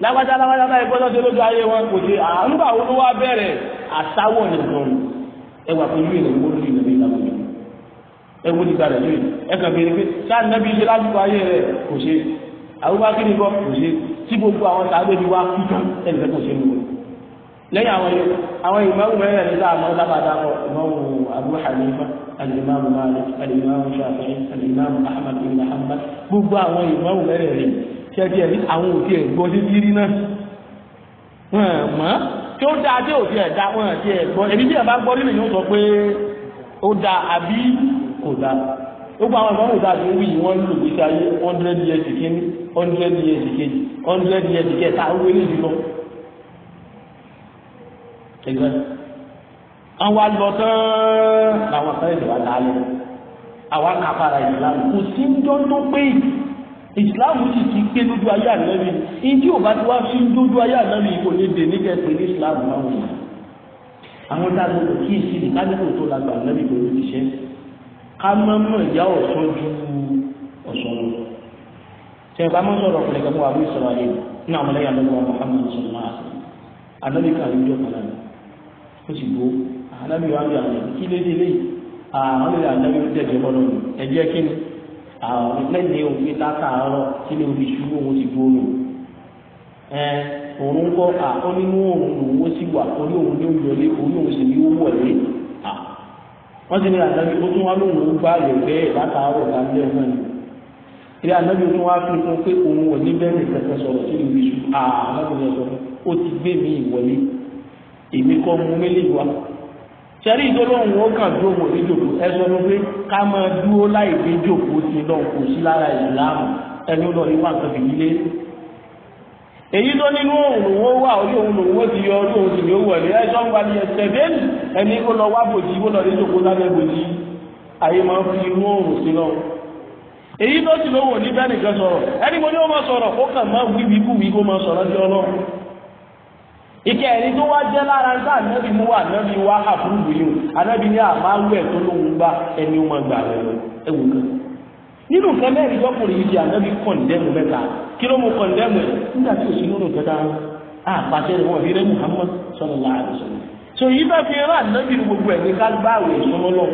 lágbájá lágbájá báyìí gbọ́dọ̀ ṣe lójú ayé wọn kò ṣe àrùbà wo ló wá bẹ̀rẹ̀ àtàwọ̀ nìkan ẹwà pẹ̀lú ìrìn ẹwú ti gbàdá lóyè ẹkà bèrè pé sáà nàbí ṣe lásìkò ayé rẹ̀ kò ṣe àwùbá kíni bọ kò ṣe tí gbogbo àwọn tàbí ti wá kú tán ẹnìkan kò ṣe nù lẹ́yìn àwọn yòókù àwọn ìmáàmù mẹ́rin ní sáà máa ń sábà dákọ̀ ìmáàmù abu hanifa alimami malik alimami shafi'i alimami ahmad ibn hanbal gbogbo àwọn ìmáàmù mẹ́rin rẹ̀ ṣẹ́bi ẹ̀rí àwọn òbí ẹ̀ gbọ́ sí kiri náà wọ́n mọ̀ tí ó dáa tí òbí ẹ̀ dá wọ́n ti ẹ̀ gbọ́ ẹ̀mí àbí kò da gbogbo àwọn ìmáàmù ìta àti wíyì wọ́n lù gbèsè ayé years kìíní hundred years kejì hundred years kẹta ó wé ìdílọ́ ẹgbẹ́ àwọn alọ́tán làwọn sáré ìlú àdáálẹ̀ àwọn akápára ìsìlámù kò sí ń jọ́ tó pé ìsìlámù sì ti pé lójú ayé ànábì ìdí ò bá ti wá sí lójú ayé ànábì kò ní dè nígbà pé ní ìsìlámù máa wù àwọn tá a gbọdọ̀ kí èsì ní kájọ́kò tó la gbà ànábì kò ní ti ṣe ká mọ́ mọ́ ìyá ọ̀ṣọ́ ju ọ̀ṣọ́ lọ sẹ́yìn bá mọ́ sọ̀rọ̀ ọ̀pọ̀lọpọ̀ àbúrò sọ̀rọ̀ àyè ní àwọn ọmọlẹ́yìn àlọ́ ó sì gbó ànábì wá bí àwọn ẹbí kí lé délé àwọn lè ànábì ó tẹ̀lé ọlọ́run ẹ̀jẹ̀ kí ni àwọn lẹ́yìn òfin táta àárọ̀ kí ni omi ṣubú òun ti gbó nù ẹ òun kọ́ àkọ́nínú òun lòwó sí wà orí òun ní òyìnbó orí òun sì ní ó wọlé wọ́n ti ní ànábì ó tún wá lóhùn ó gbá rẹ̀ bẹ́ẹ̀ látàárọ̀ lálẹ́ ọ̀nà ni ilé ànábì ó tún wá fi fún pé òun ò ní bẹ́ẹ̀ nìkan sọ̀rọ̀ sí ìwé ṣù ànábì ó sọ fún ó ti gbé mi ìwọlé èmi kọ́ mu mílíkì wa sẹ́rí ìdólóhùn ó kàn dúró wò ní jòkó ẹ sọ fún pé ká máa dúró láì fi jòkó ti lọ kò sí lára ìsìláàmù ẹni ó lọ ní wà kan fìdílé èyí tó nínú òun lòun ó wà orí òun lòun ó ti yọ orí òun sì ni ó wọlé ẹ sọ ń gba ní ẹsẹ bẹ́ẹ̀ni ẹni ó lọ wá bòjì ó lọ ní jòkó lábẹ́ bòjì ayé máa ń fi inú òrùn sí lọ èyí tó sì lówó ní bẹ́ẹ̀ nìkan sọ̀rọ̀ ẹni mo ní ìkẹ́ ẹ̀rí tó wá jẹ́ lára ń sáà nẹ́bí mú wà nẹ́bí wá àfúrúgbù yìí anábì ní àmáwẹ̀ tó lóhun gbá ẹni ó máa gbà rẹ̀ ẹwù kan nínú nǹkan mẹ́rin lọ́kùnrin yìí di anábì kọ̀ǹdẹ́mù mẹ́ta kí ló mú nígbà tí òsínú nù kẹta àpàṣẹ rẹ̀ wọ́n rírẹ́ Muhammad sallallahu alaihi wasallam so yìí bá fi rán anábì gbogbo ẹ̀ ní ká gbáwẹ̀ ìsọmọlọ́